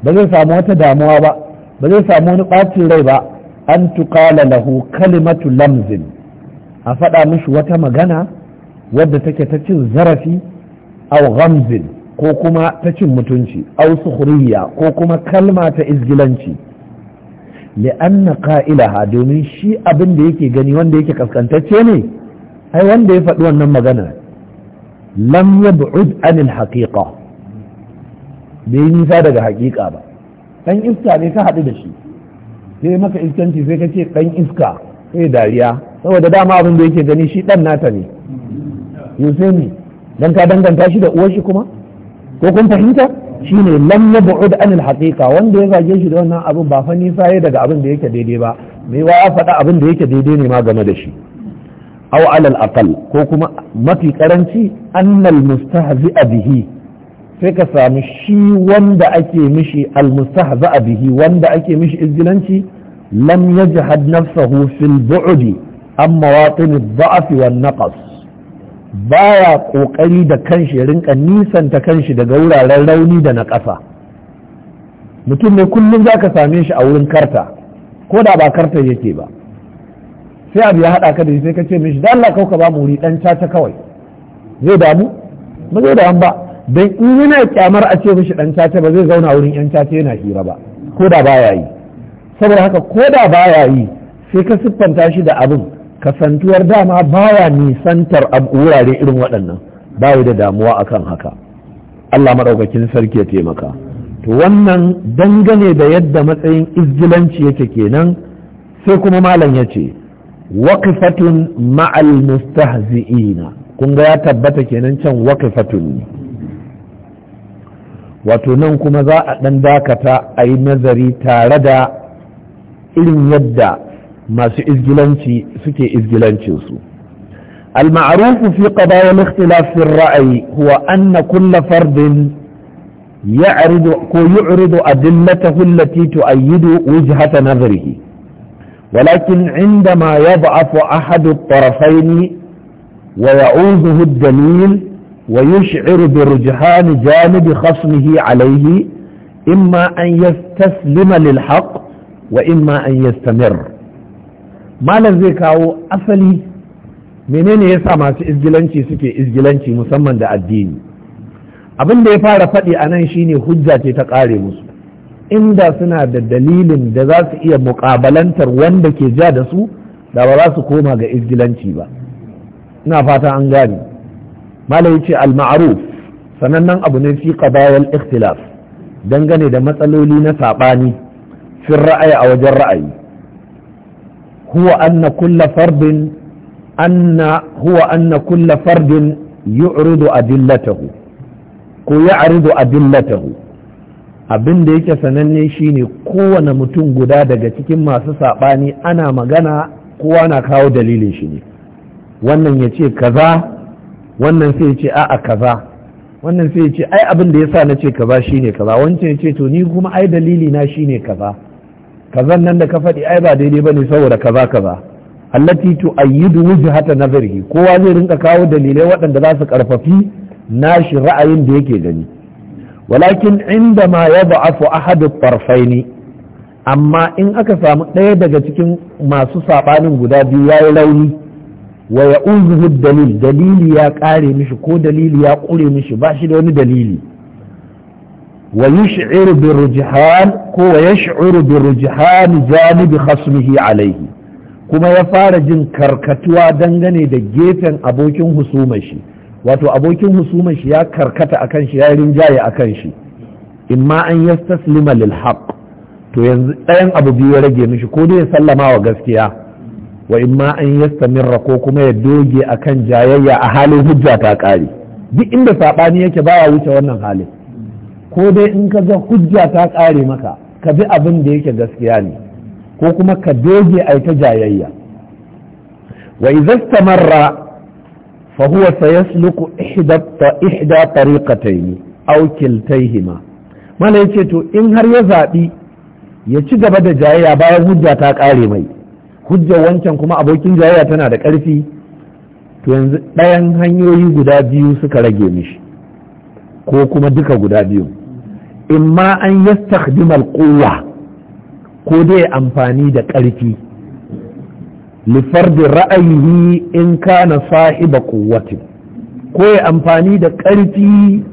S1: ba zai samu wata damuwa ba ba zai samu wani ɓacin rai ba an tuƙala lahu kalimatu lamzin a faɗa mishi wata magana wadda take ta cin zarafi au ghamzin ko kuma ta cin mutunci au sukhriya ko kuma kalma ta izgilanci li'anna qa'ilaha domin shi abin da yake gani wanda yake kaskantacce ne ai wanda ya faɗi wannan magana lam yab'ud anil haqiqa bai nisa daga hakika ba dan iska ne ka haɗu da shi sai maka iskanci sai ka ce dan iska sai dariya saboda dama abin da yake gani shi dan nata ne yusaini ne dan ka danganta shi da uwar shi kuma ko kun fahimta ne lam yab'ud an al-haqiqa wanda ya zage shi da wannan abin ba fa nisa yayi daga abin da yake daidai ba me wa ya faɗa abin da yake daidai ne ma game da shi aw alal aqal ko kuma mafi karanci annal mustahzi'a bihi sai ka sami shi wanda ake mishi za'a bihi wanda ake mishi izgilanci lam yajhad nafsahu fil bu'di an mawaqin ad wan naqas baya kokari da kanshi ya rinka nisanta kanshi daga wuraren rauni da na ƙasa mutum ne kullum zaka same shi a wurin karta ko da ba karta yake ba sai abu ya haɗa ka da sai ka ce mishi da Allah kauka ba mu wuri ɗan caca kawai zai damu ba zai damu ba don in yana kyamar a ce mishi dan caca ba zai zauna wurin yan caca yana hira ba ko da baya yi saboda haka ko da baya yi sai ka siffanta shi da abin kasantuwar dama baya nisantar wurare irin waɗannan bayi da damuwa akan haka Allah maɗaukakin sarki ya taimaka to wannan dangane da yadda matsayin izgilanci yake kenan sai kuma malam ya ce waqifatun ma'al mustahzi'ina kun ya tabbata kenan can waqifatun ne wato nan kuma za a ɗan dakata a yi nazari tare da irin yadda masu izgilanci suke izgilancinsu المعروف في قضايا الاختلاف في الرأي هو أن كل فرد يعرض يعرض أدلته التي تؤيد وجهة نظره ولكن عندما يضعف أحد الطرفين ويعوزه الدليل ويشعر برجحان جانب خصمه عليه إما أن يستسلم للحق وإما أن يستمر malam zai kawo asali menene ya sa masu izgilanci suke izgilanci musamman da addini abin da ya fara faɗi a nan shine hujja ce ta ƙare musu inda suna da dalilin da za su iya muƙabalantar wanda ke ja da su da ba za su koma ga izgilanci ba ina fata an gane Malam yace al ma'ruf sanannen abu ne fi qadayal ikhtilaf dangane da matsaloli na sabani fi ra'ayi a wajen ra'ayi huwa anna kulla fardin anna huwa anna kulla fardin yu'ridu adillatahu ko ya'ridu adillatahu abin da yake sananne shine kowane mutum guda daga cikin masu saɓani ana magana kowa na kawo dalilin shi ne wannan ya ce kaza wannan sai ya ce a'a kaza wannan sai ya ce ai abin da yasa na ce kaza shine kaza wancan ya ce to ni kuma ai dalili na shine kaza kazan nan da ka faɗi ai ba daidai bane saboda kaza kaza allati ayyidu wujhata nazarihi kowa zai rinka kawo dalilai waɗanda za su karfafi nashi ra'ayin da yake gani walakin inda ma ya ba afu ahadu tarfaini amma in aka samu ɗaya daga cikin masu saɓanin guda biyu ya yi rauni wa uzuhu dalil dalili ya kare mishi ko dalili ya kure mishi ba shi da wani dalili wa yush'iru bi rujhan ko wa yash'uru bi rujhan janibi khasmihi alayhi kuma ya fara jin karkatuwa dangane da gefen abokin husumar shi wato abokin husumar shi ya karkata akan shi ya rinjaye akan shi imma an yastaslima lil haqq to yanzu ɗayan abu biyu ya rage mishi ko dai ya sallama wa gaskiya wa in ma an yastamirra ko kuma ya doge a kan jayayya a halin hujja ta kare duk inda sabani yake baya wuce wannan halin ko dai in ka ga hujja ta kare maka ka bi abin da yake gaskiya ne ko kuma ka doge a ta jayayya wa idza istamarra fa huwa sayasluku ihda ihda tariqatayn aw kiltayhima mala yace to in har ya zabi ya ci gaba da jayayya bayan hujja ta kare mai hujjar wancan kuma abokin jayayya tana da ƙarfi to yanzu ɗayan hanyoyi guda biyu suka rage mishi ko kuma duka guda biyu In ma an yastakdimal kowa ko dai amfani da ƙarfi lifardin ra'ayi in kana sahiba kowace, ko ya amfani da ƙarfi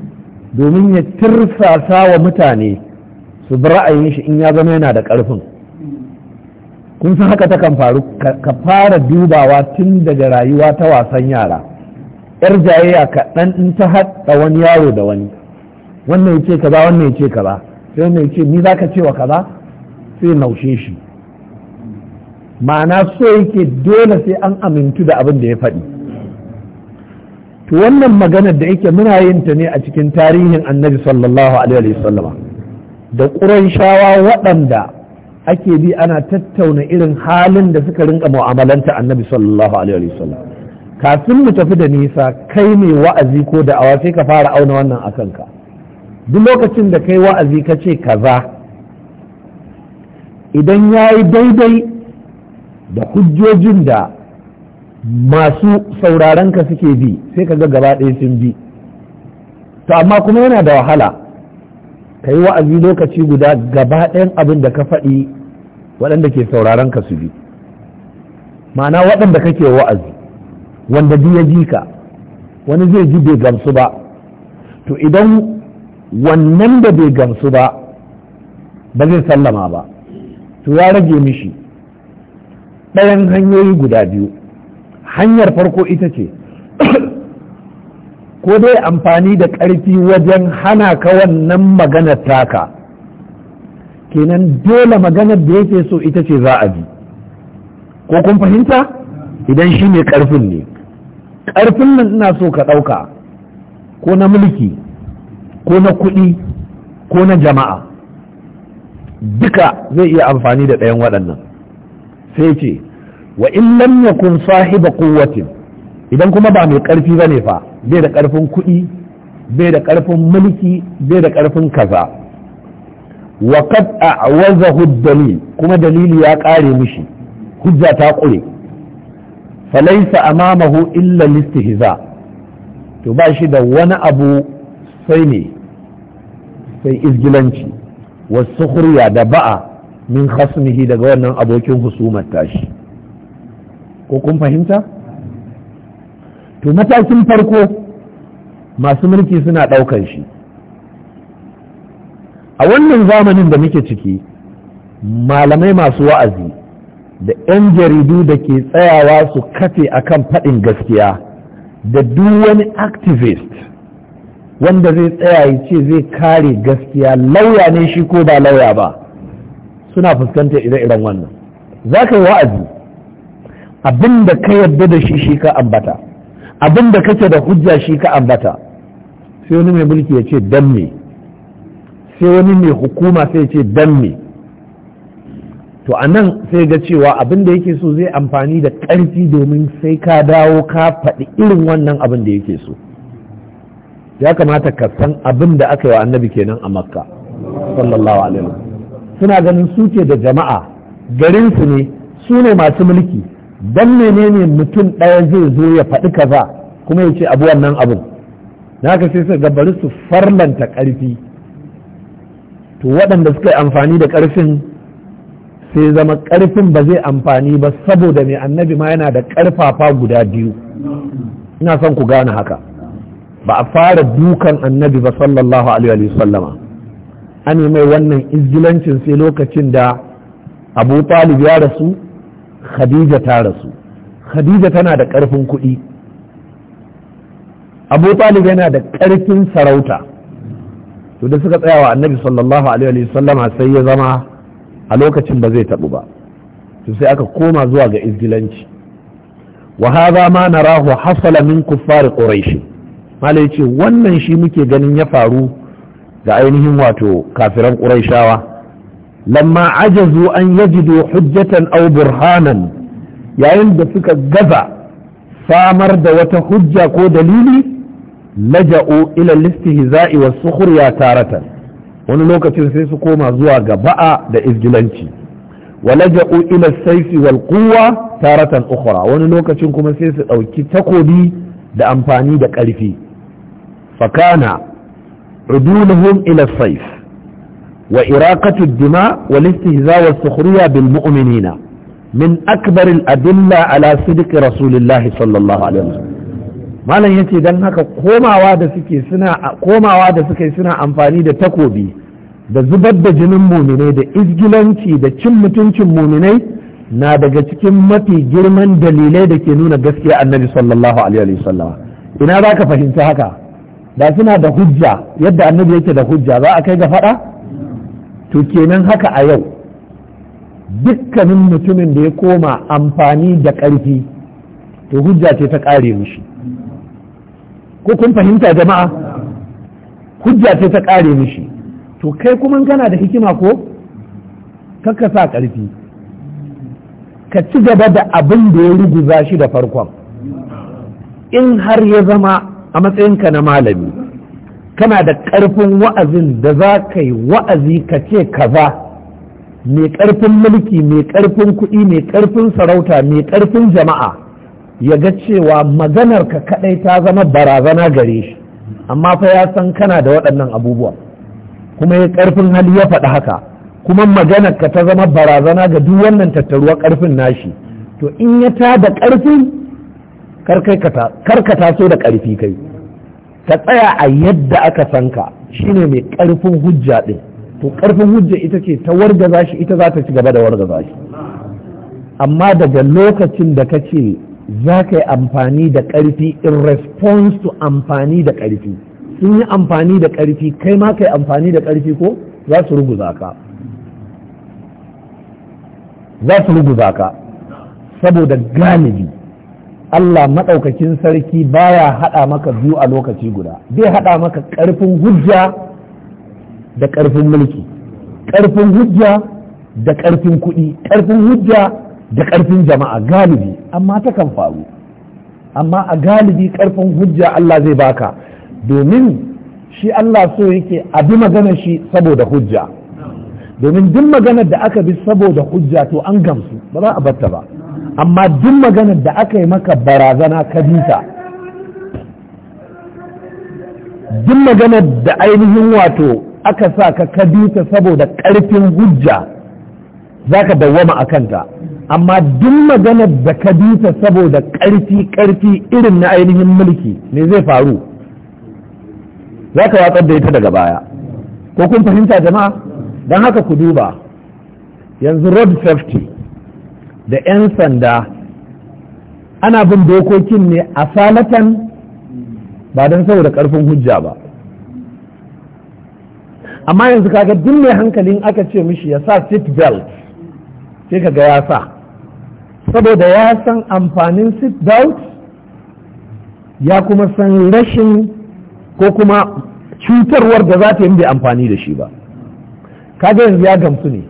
S1: domin ya tirsasa wa mutane su bi ra'ayin shi in ya zama yana da ƙarfin kun san haka takan faru ka fara dubawa tun daga rayuwa ta wasan yara yar jayayya kaɗan in ta haɗa wani yaro da wani wannan ya ce kaza wannan ya ce kaza sai wannan ya ce ni za ka ce wa kaza sai naushe shi ma'ana so yake dole sai an amintu da abin da ya faɗi to wannan maganar da yake muna yin ta ne a cikin tarihin annabi sallallahu alaihi wasallama da shawa waɗanda ake bi ana tattauna irin halin da suka rinka mu'amalanta annabi sallallahu alaihi wasallam kafin mu tafi da nisa kai mai wa'azi ko da awa sai ka fara auna wannan akan ka duk lokacin da kai wa'azi ka ce kaza idan ya yi daidai da hujjojin da masu saurarenka suke bi sai ka ga gaba ɗaya sun bi to amma kuma yana da wahala ka yi wa'azi lokaci guda gaba ɗayan abin da ka faɗi waɗanda ke sauraron ka su bi ma'ana waɗanda kake wa'azi wanda duk ya ji ka wani zai ji bai gamsu ba to idan wannan da bai gamsu ba ba zai sallama ba to ya rage mishi ɗayan hanyoyi guda biyu hanyar farko ita ce (coughs) ko dai amfani da ƙarfi wajen hana ka wannan maganar taka kenan dole maganar da yake so ita ce za a bi ko kun fahimta idan shi ne ƙarfin ne ƙarfin nan ina so ka ɗauka ko na mulki ko na kuɗi ko na jama'a duka zai iya amfani da ɗayan waɗannan sai ce wa in lam yakun sahiba quwwatin idan kuma ba mai ƙarfi bane fa bai da ƙarfin kuɗi bai da ƙarfin mulki bai da ƙarfin kaza wa qad a'wazahu dalil kuma dalili ya kare mishi hujja ta kure falaisa amamahu illa listihza to ba shi da wani abu sai ne sai izgilanci wasu hurya da ba'a min khasmihi daga wannan abokin husumar tashi ko kun fahimta to matakin farko masu mulki suna ɗaukan shi a wannan zamanin da muke ciki malamai masu wa'azi da 'yan jaridu da ke tsayawa su kafe a kan faɗin gaskiya da duk wani activist wanda zai tsaya ya ce zai kare gaskiya lauya ne shi ko ba lauya ba suna fuskantar ire-iren wannan za ka yi wa'azi abin da ka yarda da shi shi ka ambata abin da kake da hujja shi ka ambata sai wani mai mulki ya ce dan me sai wani mai hukuma sai ce dan me to a nan sai ga cewa abin da yake so zai amfani da ƙarfi domin sai ka dawo ka faɗi irin wannan abin da yake so ya kamata ka san abin da aka yi wa annabi kenan a makka sallallahu alaihi suna ganin su ke da jama'a garinsu ne su ne masu mulki dan menene mutum ɗaya zai zo ya faɗi kaza kuma ya ce abu wannan abin na ka sai su gabarin su farlanta ƙarfi to waɗanda suka yi amfani da ƙarfin sai zama ƙarfin ba zai amfani ba saboda mai annabi ma yana da ƙarfafa guda biyu ina son ku gane haka ba a fara dukan annabi ba sallallahu alaihi wa sallama an mai wannan izgilancin sai lokacin da abu talib ya rasu khadija ta rasu khadija tana da ƙarfin kuɗi abu talib yana da ƙarfin sarauta to da suka tsaya wa annabi sallallahu alaihi wasallama sai ya zama a lokacin ba zai tabu ba to sai aka koma zuwa ga izgilanci wa hadha ma narahu hasala min kuffar quraish malai yace wannan shi muke ganin ya faru ga ainihin wato kafiran quraishawa lamma ajazu an yajidu hujjatan aw burhanan yayin da suka gaza samar da wata hujja ko dalili laja'u ila listihza'i was sukhriya taratan wani lokacin sai su koma zuwa ga ba'a da izgilanci wa laja'u ila saifi wal quwwa taratan ukhra wani lokacin kuma sai su dauki takobi da amfani da ƙarfi fakana uduluhum ila saif wa iraqatu dima wa istihza was sukhriya bil mu'minina min akbar al adilla ala sidqi rasulillah sallallahu alaihi wasallam malam ya ce don haka komawa da suke suna amfani da takobi da zubar da jinin muminai da izgilanci da cin mutuncin muminai na daga cikin mafi girman dalilai da ke nuna gaskiya annabi sallallahu alaihi wasallam ina za ka fahimci haka da suna da hujja yadda annabi yake da hujja za a kai ga faɗa to kenan haka a yau dukkanin mutumin da ya koma amfani da ƙarfi to hujja ce ta ƙare mushi ko kun fahimta jama'a hujja ce ta ƙare mishi to kai kuma kana da hikima ko kakka sa ƙarfi ka ci gaba da abin da ya ruguza shi da farkon in har ya zama a matsayinka na malami kana da ƙarfin wa'azin da za ka yi wa'azi ka ce kaza mai ƙarfin mulki mai ƙarfin kuɗi mai ƙarfin sarauta mai ƙarfin jama'a ya ga cewa maganarka ka kadai ta zama barazana gare shi amma fa ya san kana da waɗannan abubuwa kuma ya karfin hali ya faɗi haka kuma maganar ka ta zama barazana ga duk wannan tattaruwa karfin nashi to in ya ta da karfin karka taso da karfi kai ka tsaya a yadda aka san ka shine mai karfin hujja ɗin, to karfin hujja ita ce ta wargaza shi ita za ta ci gaba da wargaza shi amma daga lokacin da ka ce za ka yi amfani da ƙarfi in response to amfani da ƙarfi sun yi amfani da ƙarfi kai ma ka yi amfani da ƙarfi ko za su ruguza ka za su ruguza ka saboda galibi Allah maɗaukakin sarki baya haɗa maka biyu a lokaci guda zai haɗa maka ƙarfin hujja da ƙarfin mulki ƙarfin hujja da ƙarfin kuɗi ƙarfin hujja da ƙarfin jama'a galibi amma ta kan faru amma a galibi ƙarfin hujja Allah zai baka domin shi Allah so yake a bi magana shi saboda hujja domin duk maganar da aka bi saboda hujja to an gamsu ba za a batta ba amma duk maganar da aka yi maka barazana ka bita duk maganar da ainihin wato aka sa ka kabita saboda ƙarfin hujja za ka dawwama a kanta amma duk maganar da ka duta saboda ƙarfi ƙarfi irin na ainihin mulki ne zai faru za ka watsar da ita daga baya ko kun fahimta jama'a don haka ku duba yanzu road safety da 'yan sanda ana bin dokokin ne a salatan ba don saboda ƙarfin hujja ba amma yanzu kaga duk mai hankalin aka ce mishi ya sa seat belt sai ga ya sa saboda ya san amfanin sit belt ya kuma san rashin ko kuma cutarwar da za ta yi amfani da shi ba kaga yanzu ya gamsu ne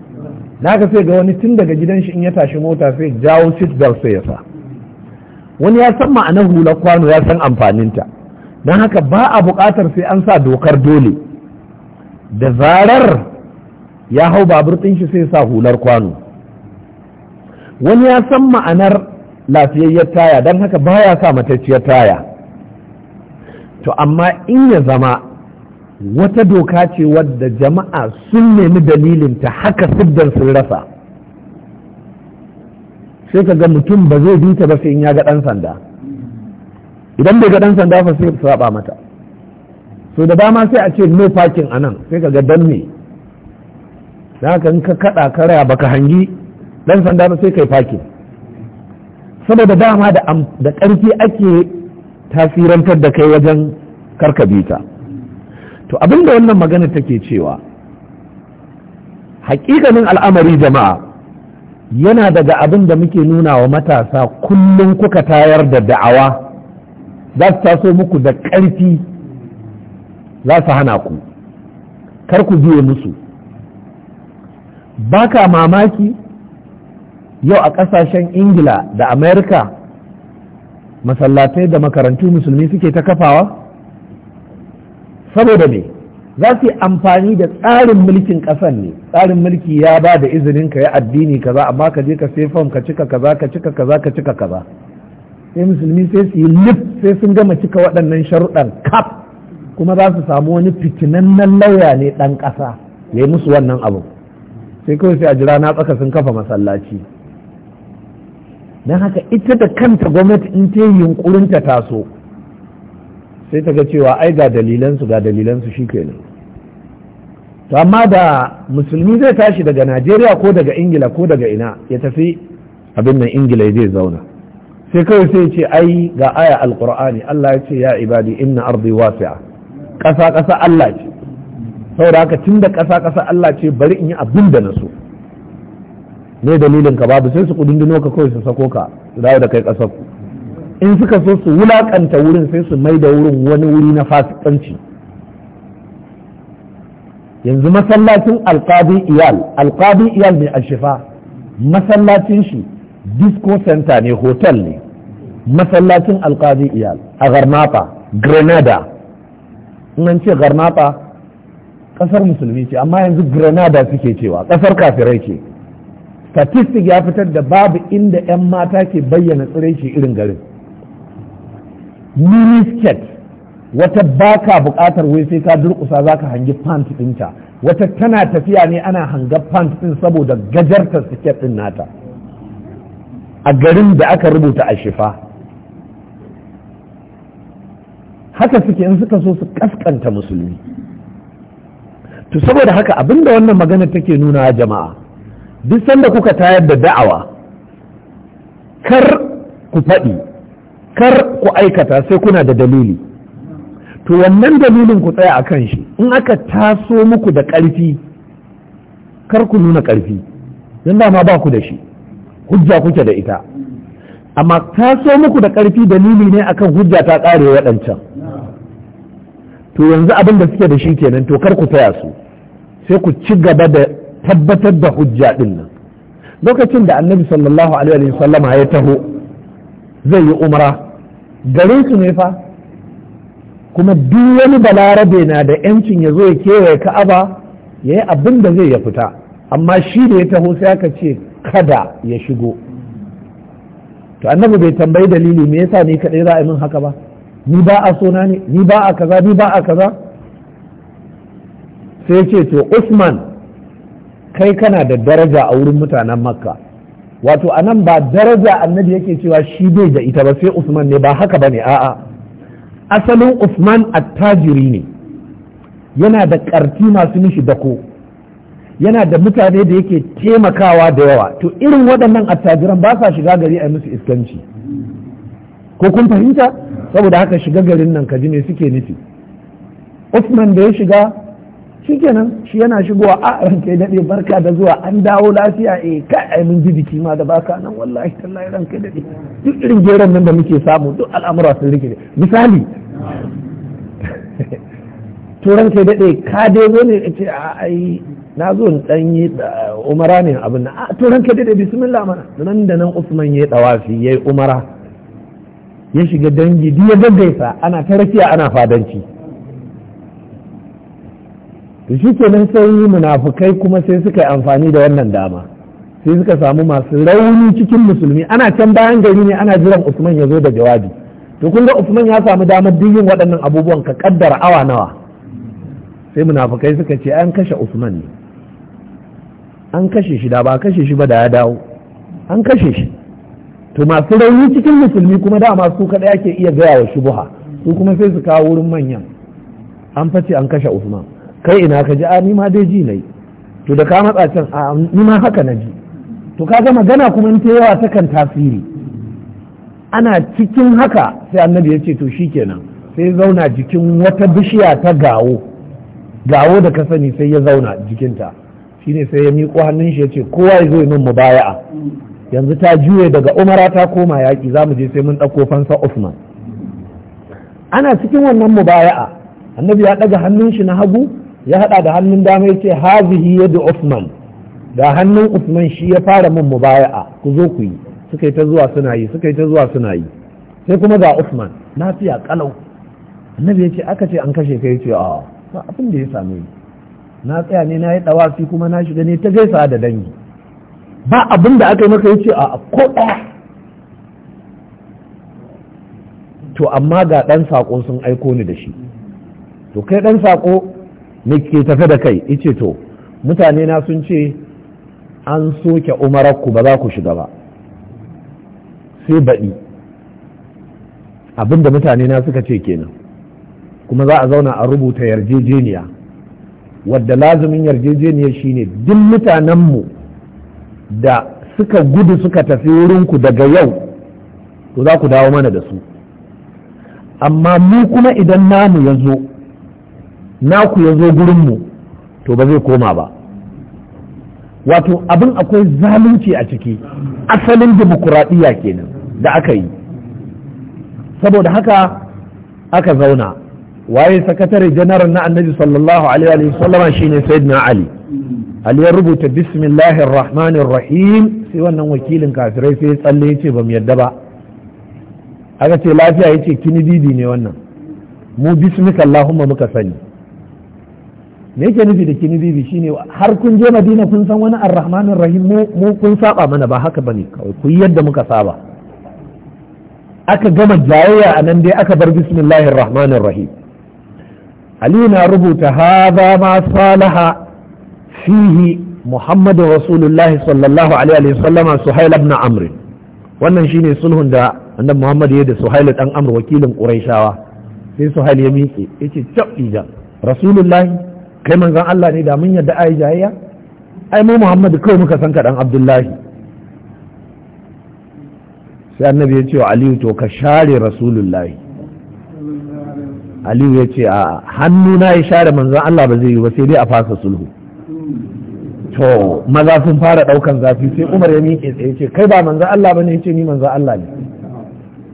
S1: na ka sai ga wani tun daga gidan shi in ya tashi mota sai jawo sit belt sai ya sa wani ya san ma'anar hular kwano ya san amfaninta don haka ba a buƙatar sai an sa dokar dole da zarar ya hau babur ɗin shi sai sa hular kwano wani ya san ma'anar lafiyayyar taya don haka baya sa matacciyar taya to amma in ya zama wata doka ce wadda jama'a sun nemi dalilin ta haka siddar sun rasa sai ka ga mutum ba zai bi ba sai in ya ga ɗan sanda idan bai ga ɗan sanda fa sai saba mata so da dama sai a ce no parking a nan sai ka ga dan ne da haka in ka kaɗa karaya baka hangi dan sanda ba sai kai faki saboda dama da ƙarfi ake tasirantar da kai wajen karkabita to abinda wannan magana take cewa hakikanin al'amari jama'a yana daga abin da muke nuna wa matasa kullum kuka tayar da da'awa za su taso muku da ƙarfi za su hana ku kar ku biye musu baka mamaki yau a ƙasashen ingila da amerika masallatai da makarantu musulmi suke ta kafawa saboda me za su yi amfani da tsarin mulkin ƙasar ne tsarin mulki ya ba da izinin ka yi addini kaza amma ka je ka sai ka cika kaza ka cika kaza ka cika kaza sai musulmi sai su yi lif sai sun gama cika waɗannan sharuɗan kaf kuma za su samu wani fitinannen lauya ne ɗan ƙasa ya yi musu wannan abu sai kawai sai a jira na tsaka sun kafa masallaci don haka ita da kanta gwamnati in ta yi yunkurin ta taso sai ta ga cewa ai ga dalilansu ga dalilansu shi ke to amma da musulmi zai tashi daga najeriya ko daga ingila ko daga ina ya tafi abin nan ingila zai zauna sai kawai sai ce ai ga aya alkur'ani allah ya ce ya ibadi inna ardi wasi'a ƙasa ƙasa allah ce saboda haka tun da ƙasa ƙasa allah ce bari in yi abin da na so ne dalilin ka babu sai su kudindino ka kawai su sako ka su dawo da kai kasar ku in suka so su wulakanta wurin sai su mai da wurin wani wuri na fasikanci yanzu masallacin alqadi iyal alqadi iyal mai alshifa masallacin shi disco center ne hotel ne masallacin alqadi iyal a garmapa grenada in ce garmapa kasar musulmi ce amma yanzu grenada suke cewa kasar kafirai ce statistic ya fitar da babu inda 'yan mata ke bayyana tsirai shi irin garin miniskirt wata baka bukatar wai sai ka durkusa ka hangi pant ɗinta wata tana tafiya ne ana hanga pant ɗin saboda gajartar skirt ɗin nata a garin da aka rubuta a shifa haka suke in suka so su kaskanta musulmi to saboda haka abinda wannan magana take nuna jama'a duk sanda kuka tayar da da'awa kar ku faɗi kar ku aikata sai kuna da dalili to wannan dalilin ku tsaya a kan shi in aka taso muku da ƙarfi kar ku nuna ƙarfi don dama ba ku da shi hujja kuke da ita amma taso muku da ƙarfi dalili ne akan hujja ta ƙare waɗancan to yanzu abin da suke da shi kenan to kar ku taya su sai ku ci gaba da tabbatar da hujja din nan lokacin da annabi sallallahu alaihi wa sallama ya taho zai yi umra gare su ne fa kuma duk wani balarabe na da yancin ya zo ya kewaye ka'aba ya yi abin da zai ya fita amma shi da ya taho sai aka ce kada ya shigo to annabi bai tambayi dalili me yasa ni kadai za a min haka ba ni ba a sona ne ni ba a kaza ni ba a kaza sai ce to usman kai kana da daraja a wurin mutanen makka wato a nan ba daraja annabi yake cewa shi bai da ita ba sai usman ne ba haka ba ne a'a asalin usman attajiri ne yana da ƙarfi masu mishi dako yana da mutane da yake taimakawa da yawa to irin waɗannan attajiran ba sa shiga gari a musu iskanci ko kun fahimta saboda haka shiga garin nan kaji ne suke nufi usman da ya shiga kenan shi yana shigowa a ranka ya daɗe barka da zuwa an dawo lafiya eh kai ai mun ji jiki ma da baka nan wallahi tallahi ranka ya daɗe duk irin geron nan da muke samu duk al'amura sun rike misali (laughs) to ranka ya daɗe ka dai zo ne ce a ai na zo in dan yi umara ne abin nan a to ranka ya daɗe bismillah mana nan da nan Usman ya dawafi yayi umara ya shiga dangi duk ya gaggaisa ana ta ana fadanci da shi kenan sai munafukai kuma sai suka yi amfani da wannan dama sai suka samu masu rauni cikin musulmi ana can bayan gari ne ana jiran usman ya zo da jawabi to kun ga usman ya samu damar duk yin waɗannan abubuwan ka kaddara awa nawa sai munafukai suka ce an kashe usman ne an kashe shi da ba kashe shi ba da ya dawo an kashe shi to masu rauni cikin musulmi kuma dama su kaɗai ake iya gaya wa shubuha su kuma sai su kawo wurin manyan an fashe an kashe usman kai ina ka ji a ni ma dai ji nayi to da ka matsa can a ni ma haka na ji to kaga magana kuma in ta yawa takan tasiri ana cikin haka sai annabi ya ce to shikenan sai zauna jikin wata bishiya ta gawo gawo da ka sani sai ya zauna jikinta shine sai ya miƙo hannun shi ya ce kowa ya zo min mubaya'a yanzu ta juye daga umara ta koma yaƙi za mu je sai mun ɗauko fansa Usman ana cikin wannan mubaya'a annabi ya ɗaga hannun shi na hagu ya haɗa da hannun dama ya ce hazihi da Usman da hannun Usman shi ya fara min mubaya'a ku zo ku yi suka yi ta zuwa suna yi suka yi ta zuwa suna yi sai kuma ga Usman lafiya kalau annabi ya ce aka ce an kashe kai ce a ba abin da ya same ni na tsaya ne na yi dawafi kuma na shiga ne ta gaisa da dangi ba abin da aka yi maka yace a ko ɗaya to amma ga ɗan saƙo sun aiko ni da shi to kai ɗan saƙo Ni ke tafe da kai ice to mutane na sun ce an soke umararku ba za ku shiga ba sai baɗi abinda mutane na suka ce kenan kuma za a zauna a rubuta yarjejeniya wadda lazumin yarjejeniya shine duk mutanenmu da suka gudu suka tafi wurinku daga yau to za ku dawo mana da su amma mu kuma idan namu ya zo naku ya zo gurinmu to ba zai koma ba wato abin akwai zalunci a ciki asalin demokuraɗiyya kenan da aka yi saboda haka aka zauna waye sakatare janaral na annabi sallallahu alaihi wa sallama shine sayyidina ali ali ya rubuta bismillahir rahmanir rahim sai wannan wakilin kafirai sai ya tsalle ya ce ba yadda ba aka ce lafiya yace ce kini didi ne wannan mu bismika allahumma muka sani me yake nufi da kinibibi shine har kun je madina kun san wani arrahmanin rahim mu kun saba mana ba haka bane kawai ku yadda muka saba aka gama jayayya a nan dai aka bar bismillahir rahmanir rahim ali na rubuta hadha ma salaha fihi muhammadu rasulullahi sallallahu alaihi wa suhail ibn amr wannan shine sulhun da annabi muhammad ya da suhail dan amr wakilin quraishawa sai suhail ya miƙe yace tab ijan rasulullahi kai manzan Allah ne da mun yadda ai jayayya ai mu Muhammadu kawai muka san ka dan Abdullahi sai annabi ya ce wa Aliyu to ka share Rasulullahi Aliyu ya ce a hannu na ya share manzan Allah ba zai yi ba sai dai a fasa sulhu to maza sun fara daukan zafi sai Umar ya miƙe ya ce kai ba manzan Allah bane ya ce ni manzan Allah ne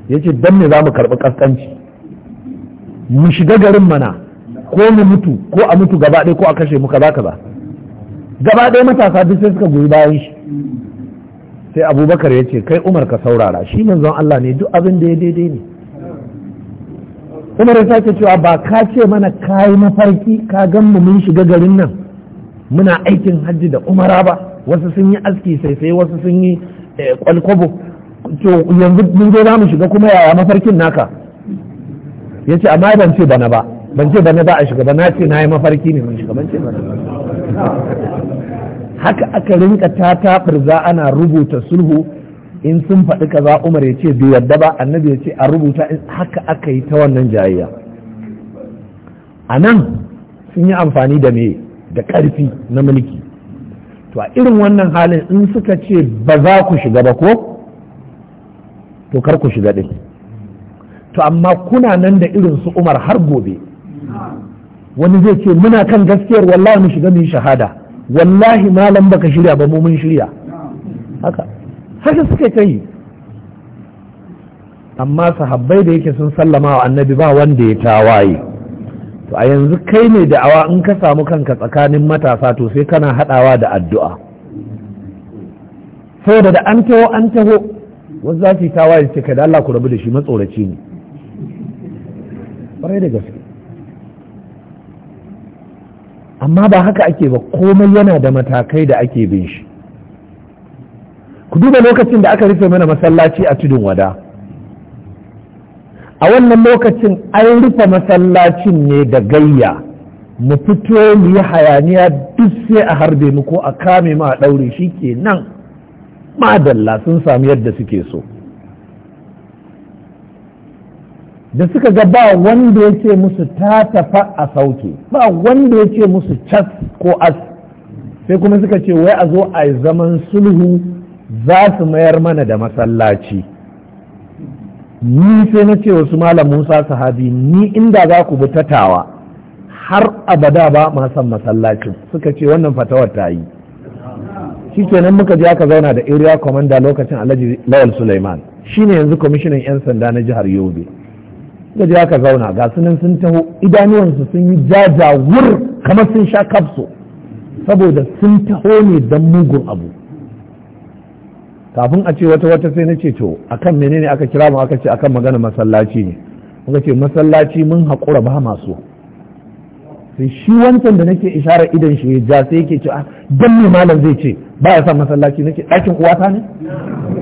S1: ya ce dan ne za mu karɓi kaskanci mu shiga garin mana ko mu mutu ko a mutu gaba ɗaya ko a kashe mu kaza kaza gaba ɗaya matasa duk sai suka goyi bayan shi sai abubakar ya ce kai umar ka saurara shi manzon Allah ne duk abin da ya daidai ne umar ya sake cewa ba ka ce mana ka yi mafarki ka gan mu mun shiga garin nan muna aikin hajji da umara ba wasu sun yi aski sai sai wasu sun yi eh, kwalkwabo yanzu mun zo za mu shiga kuma yaya mafarkin naka Yace ce amma ban ce bana ba ban ce bane ba a shiga ba na ce na yi mafarki ne ban shiga ban ce bane haka aka rinka ta za ana rubuta sulhu in sun faɗi kaza umar ya ce bai yadda ba annabi ya ce a rubuta haka aka yi ta wannan jayayya a nan sun yi amfani da me da ƙarfi na mulki to a irin wannan halin in suka ce ba za ku shiga ba ko to kar ku shiga ɗin to amma kuna nan da irin su umar har gobe wani zai ce muna kan gaskiyar wallahi mu shiga mun shahada wallahi malam baka shirya ba mu mun shirya haka haka suka kai amma sahabbai da yake sun sallama wa annabi ba wanda ya tawaye to a yanzu kai ne da awa in ka samu kanka tsakanin matasa to sai kana haɗawa da addu'a saboda da an taho an taho wasu za su yi tawaye su ce kai da Allah ku rabu da shi matsoraci ne amma ba haka ake ba komai yana da matakai da ake bin shi ku duba lokacin da aka rufe mana masallaci a tudun wada a wannan lokacin an rufe masallacin ne da gayya mu fito mu yi hayaniya duk sai a harbe mu ko a kame mu a ɗaure shi ke nan madalla sun samu yadda suke so da suka ga ba wanda ya ce musu ta tafa a sauke ba wanda ya ce musu cas ko as sai kuma suka ce wai a zo a zaman sulhu za su mayar mana da masallaci ni sai na ce wasu malam musa sahabi ni inda za ku bi tatawa har abada ba ma san masallacin suka ce wannan fatawar ta yi shi kenan muka ji aka zauna da area commander lokacin alhaji lawal suleiman shine yanzu kwamishinan 'yan sanda na jihar yobe suka je ka zauna ga sunan sun taho idanuwansu sun yi jajawur kamar sun sha kafso saboda sun taho ne don mugun abu kafin a ce wata wata sai na ce to akan menene aka kira mu aka ce akan magana masallaci ne muka ce masallaci mun haƙura ba masu sai shi wancan da nake isharar idan shi ya ja sai yake ce ah, don ne malam zai ce ba ya san masallaci nake ɗakin uwata ne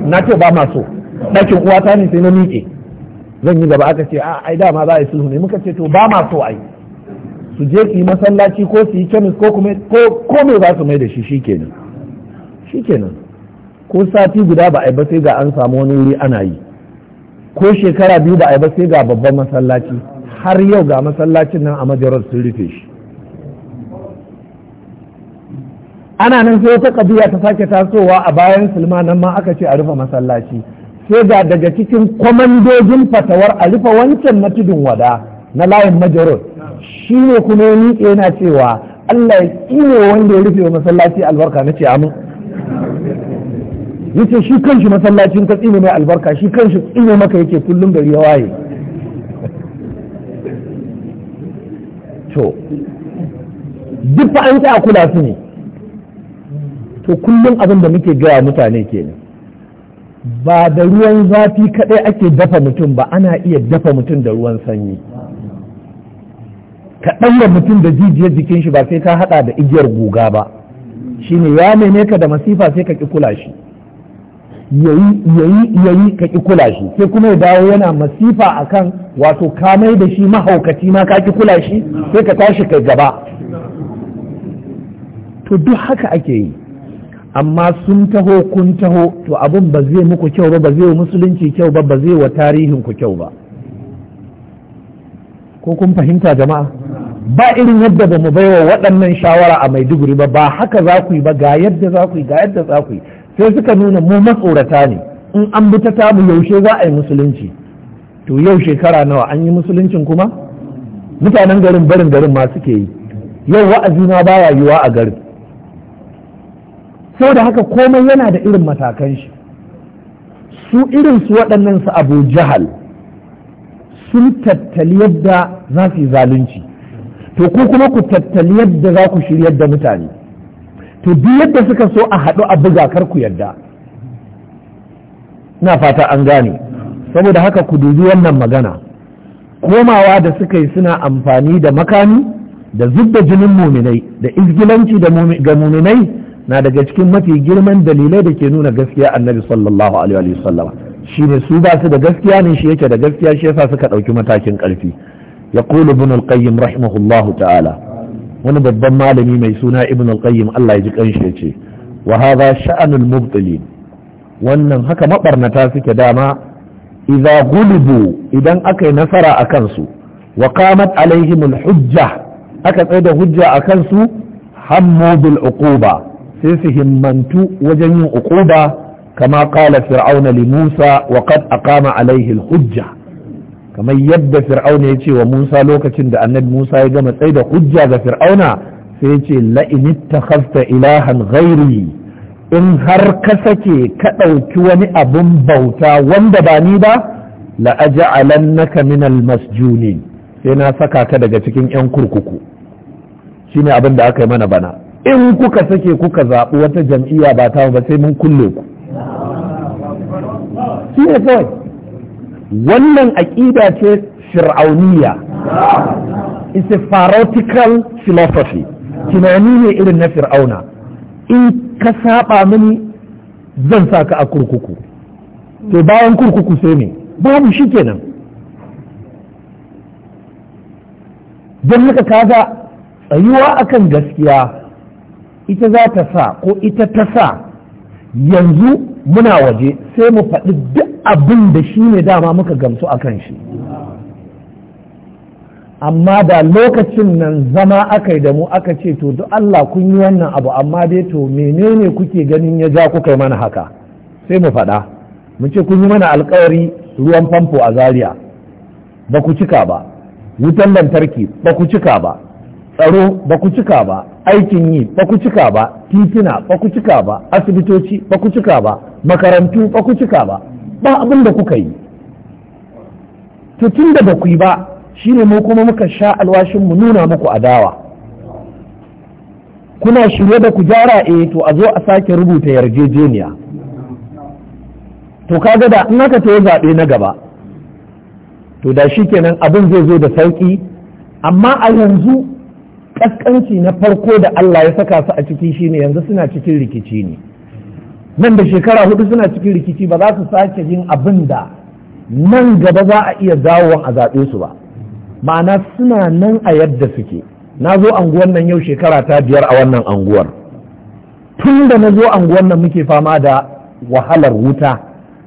S1: na ce ba masu ɗakin uwata ne sai na miƙe zan yi gaba aka ce a ah, ai dama za a yi sulhu ne muka ce to ba ma so ai su je su yi masallaci ko su yi kemis ko kuma ko me za su mai da shi shikenan shikenan ko sati guda ba a yi ba sai ga an samu wani wuri ana yi ko shekara biyu ba a yi ba sai ga babban masallaci har yau ga masallacin nan a majalar sun rufe shi ana nan sai wata kabiya ta sake tasowa a bayan sulma nan ma aka ce a rufe masallaci sai ga daga cikin kwamandojin fatawar alifa wancan na tudun wada na layin majarur shi ne kuma ya miƙe yana cewa Allah ya tsine wanda ya rufe wa masallaci albarka na ce amin yace shi kanshi masallacin ka tsine mai albarka shi kanshi tsine maka yake kullum gari ya waye
S2: (laughs)
S1: to duk fa an ta kula su ne to kullum abin da muke gaya mutane kenan ba da ruwan zafi kaɗai ake dafa mutum ba ana iya dafa mutum da ruwan sanyi Kaɗan da mutum da jijiyar jikin shi ba sai ka haɗa da igiyar guga ba shine ya mene ka da masifa sai ka ƙi kula shi yayi yayi yayi ka ƙi kula shi sai kuma ya dawo yana masifa akan wato ka mai da shi mahaukaci ma ka ƙi kula shi sai ka tashi kai gaba to duk haka ake yi amma sun taho kun taho to abun ba zai muku kyau ba ba zai wa musulunci kyau ba ba zai wa tarihin ku kyau ba ko kun fahimta jama'a ba irin yadda ba mu baiwa waɗannan shawara a maiduguri ba ba haka za ku yi ba ga yadda za ku yi ga yadda za ku yi sai suka nuna mu matsorata ne in an bi ta tamu yaushe za a yi musulunci to yau shekara nawa an yi musuluncin kuma mutanen garin barin garin ma suke yi yau wa'azi ma baya yiwa a garin da haka komai yana da irin matakan shi su irin su waɗannan su abu jahal sun tattali yadda za su yi zalunci to ku kuma ku tattali yadda za ku shiryar da mutane to duk yadda suka so a haɗu a buga kar ku yadda na fata an gane saboda haka ku dubi wannan magana komawa da suka yi suna amfani da makami da zubda jinin muminai da izgilanci ga muminai na daga cikin mafi girman dalilai da ke nuna gaskiya annabi sallallahu alaihi wa sallam shi ne su ba su da gaskiya ne shi yake da gaskiya shi yasa suka ɗauki matakin ƙarfi ya kulu ibn al-qayyim rahimahullahu ta'ala wani babban malami mai suna ibn al-qayyim Allah ya ji kanshi ya ce wa hadha sha'anul mubtilin wannan haka mabarnata suke dama idza gulibu idan aka yi nasara a kansu wa qamat alaihimul hujja aka tsai da hujja a kansu hammu bil uquba sai su himmantu wajen yin uquba kama kala fir'auna li Musa wa qad aqama alaihi hujja kamar yadda fir'auna ya ce wa Musa lokacin da annabi Musa ya gama tsaida hujja ga fir'auna sai ya ce la in ittakhadta ilahan ghairi in har ka sake ka ɗauki wani abun bauta wanda ba ni ba la aj'alannaka min al-masjunin sai na saka ka daga cikin 'yan kurkuku shine abin da aka yi mana bana in kuka sake kuka zaɓi wata jam'iyya ba ta ba sai mun kulle ku shi ne kawai wannan aƙida ce fir'auniya is a pharaotical philosophy tunani ne irin na fir'auna in ka saba mini zan sa ka a kurkuku to bayan kurkuku sai ne babu shi kenan don haka kaga tsayuwa akan gaskiya ita za ta sa ko ita ta sa yanzu muna waje sai mu faɗi duk abin da shi ne dama muka gamsu a kan shi amma da lokacin nan zama aka yi da mu aka ce to duk Allah kun yi wannan abu amma dai to menene kuke ganin ya ja kuka yi mana haka sai mu faɗa mu ce kun yi mana alkawari ruwan famfo a zaria ba ku cika ba wutan lantarki ba ku cika ba tsaro ba ku cika ba aikin yi ba ku cika ba titina ba ku cika ba asibitoci ba ku cika ba makarantu ba ku cika ba ba abin da kuka yi to tun da ba ku yi ba shine mu kuma muka sha alwashin mu nuna muku adawa kuna shirye da ku jara eh to a zo a sake rubuta yarjejeniya to kaga da in aka tayi zaɓe na gaba to da shi kenan abin zai zo da sauƙi amma a yanzu Ƙasƙanci na farko da Allah ya saka su a ciki shine yanzu suna cikin rikici ne nan da shekara hudu suna cikin rikici ba za su sake yin abin da nan gaba za a iya dawowa a zaɓe su ba ma'ana suna nan a yadda suke na zo anguwan nan yau shekara ta biyar a wannan anguwar tun da na zo anguwan nan muke fama da wahalar wuta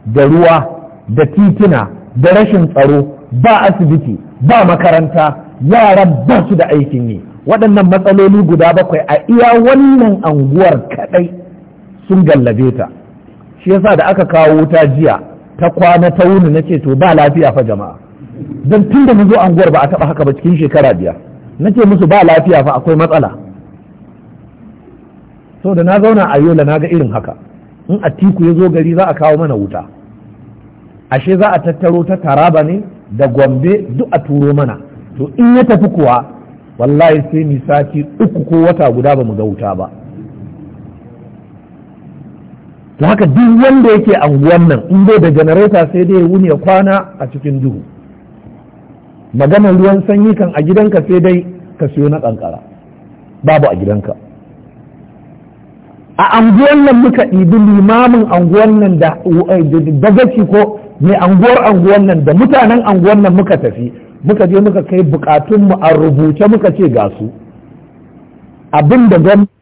S1: da ruwa da titina da rashin tsaro ba asibiti ba makaranta yaran ba su da aikin yi waɗannan matsaloli guda bakwai a iya wannan anguwar kaɗai sun gallabe ta shi yasa da aka kawo wuta jiya ta kwana ta wuni na ce to ba lafiya fa jama'a don tun da zo anguwar ba a taɓa haka ba cikin shekara biyar na ce musu ba lafiya fa akwai matsala so da na zauna a yola na ga irin haka in a tiku ya zo gari za a kawo mana wuta ashe za a tattaro ta taraba ne da gombe duk a turo mana to in ya tafi kuwa wallahi sai mi sati uku ko wata guda ba mu ga wuta ba to haka duk wanda yake anguwan nan in bai da janareta sai dai ya wuni ya kwana a cikin duhu maganar ruwan sanyi kan a gidanka sai dai ka siyo na kankara babu a gidanka a anguwan nan muka ɗibi limamin anguwan nan da dagaci ko mai anguwar anguwan nan da mutanen anguwan nan muka tafi muka je muka kai bukatunmu a rubuce muka ce ga su abin
S2: da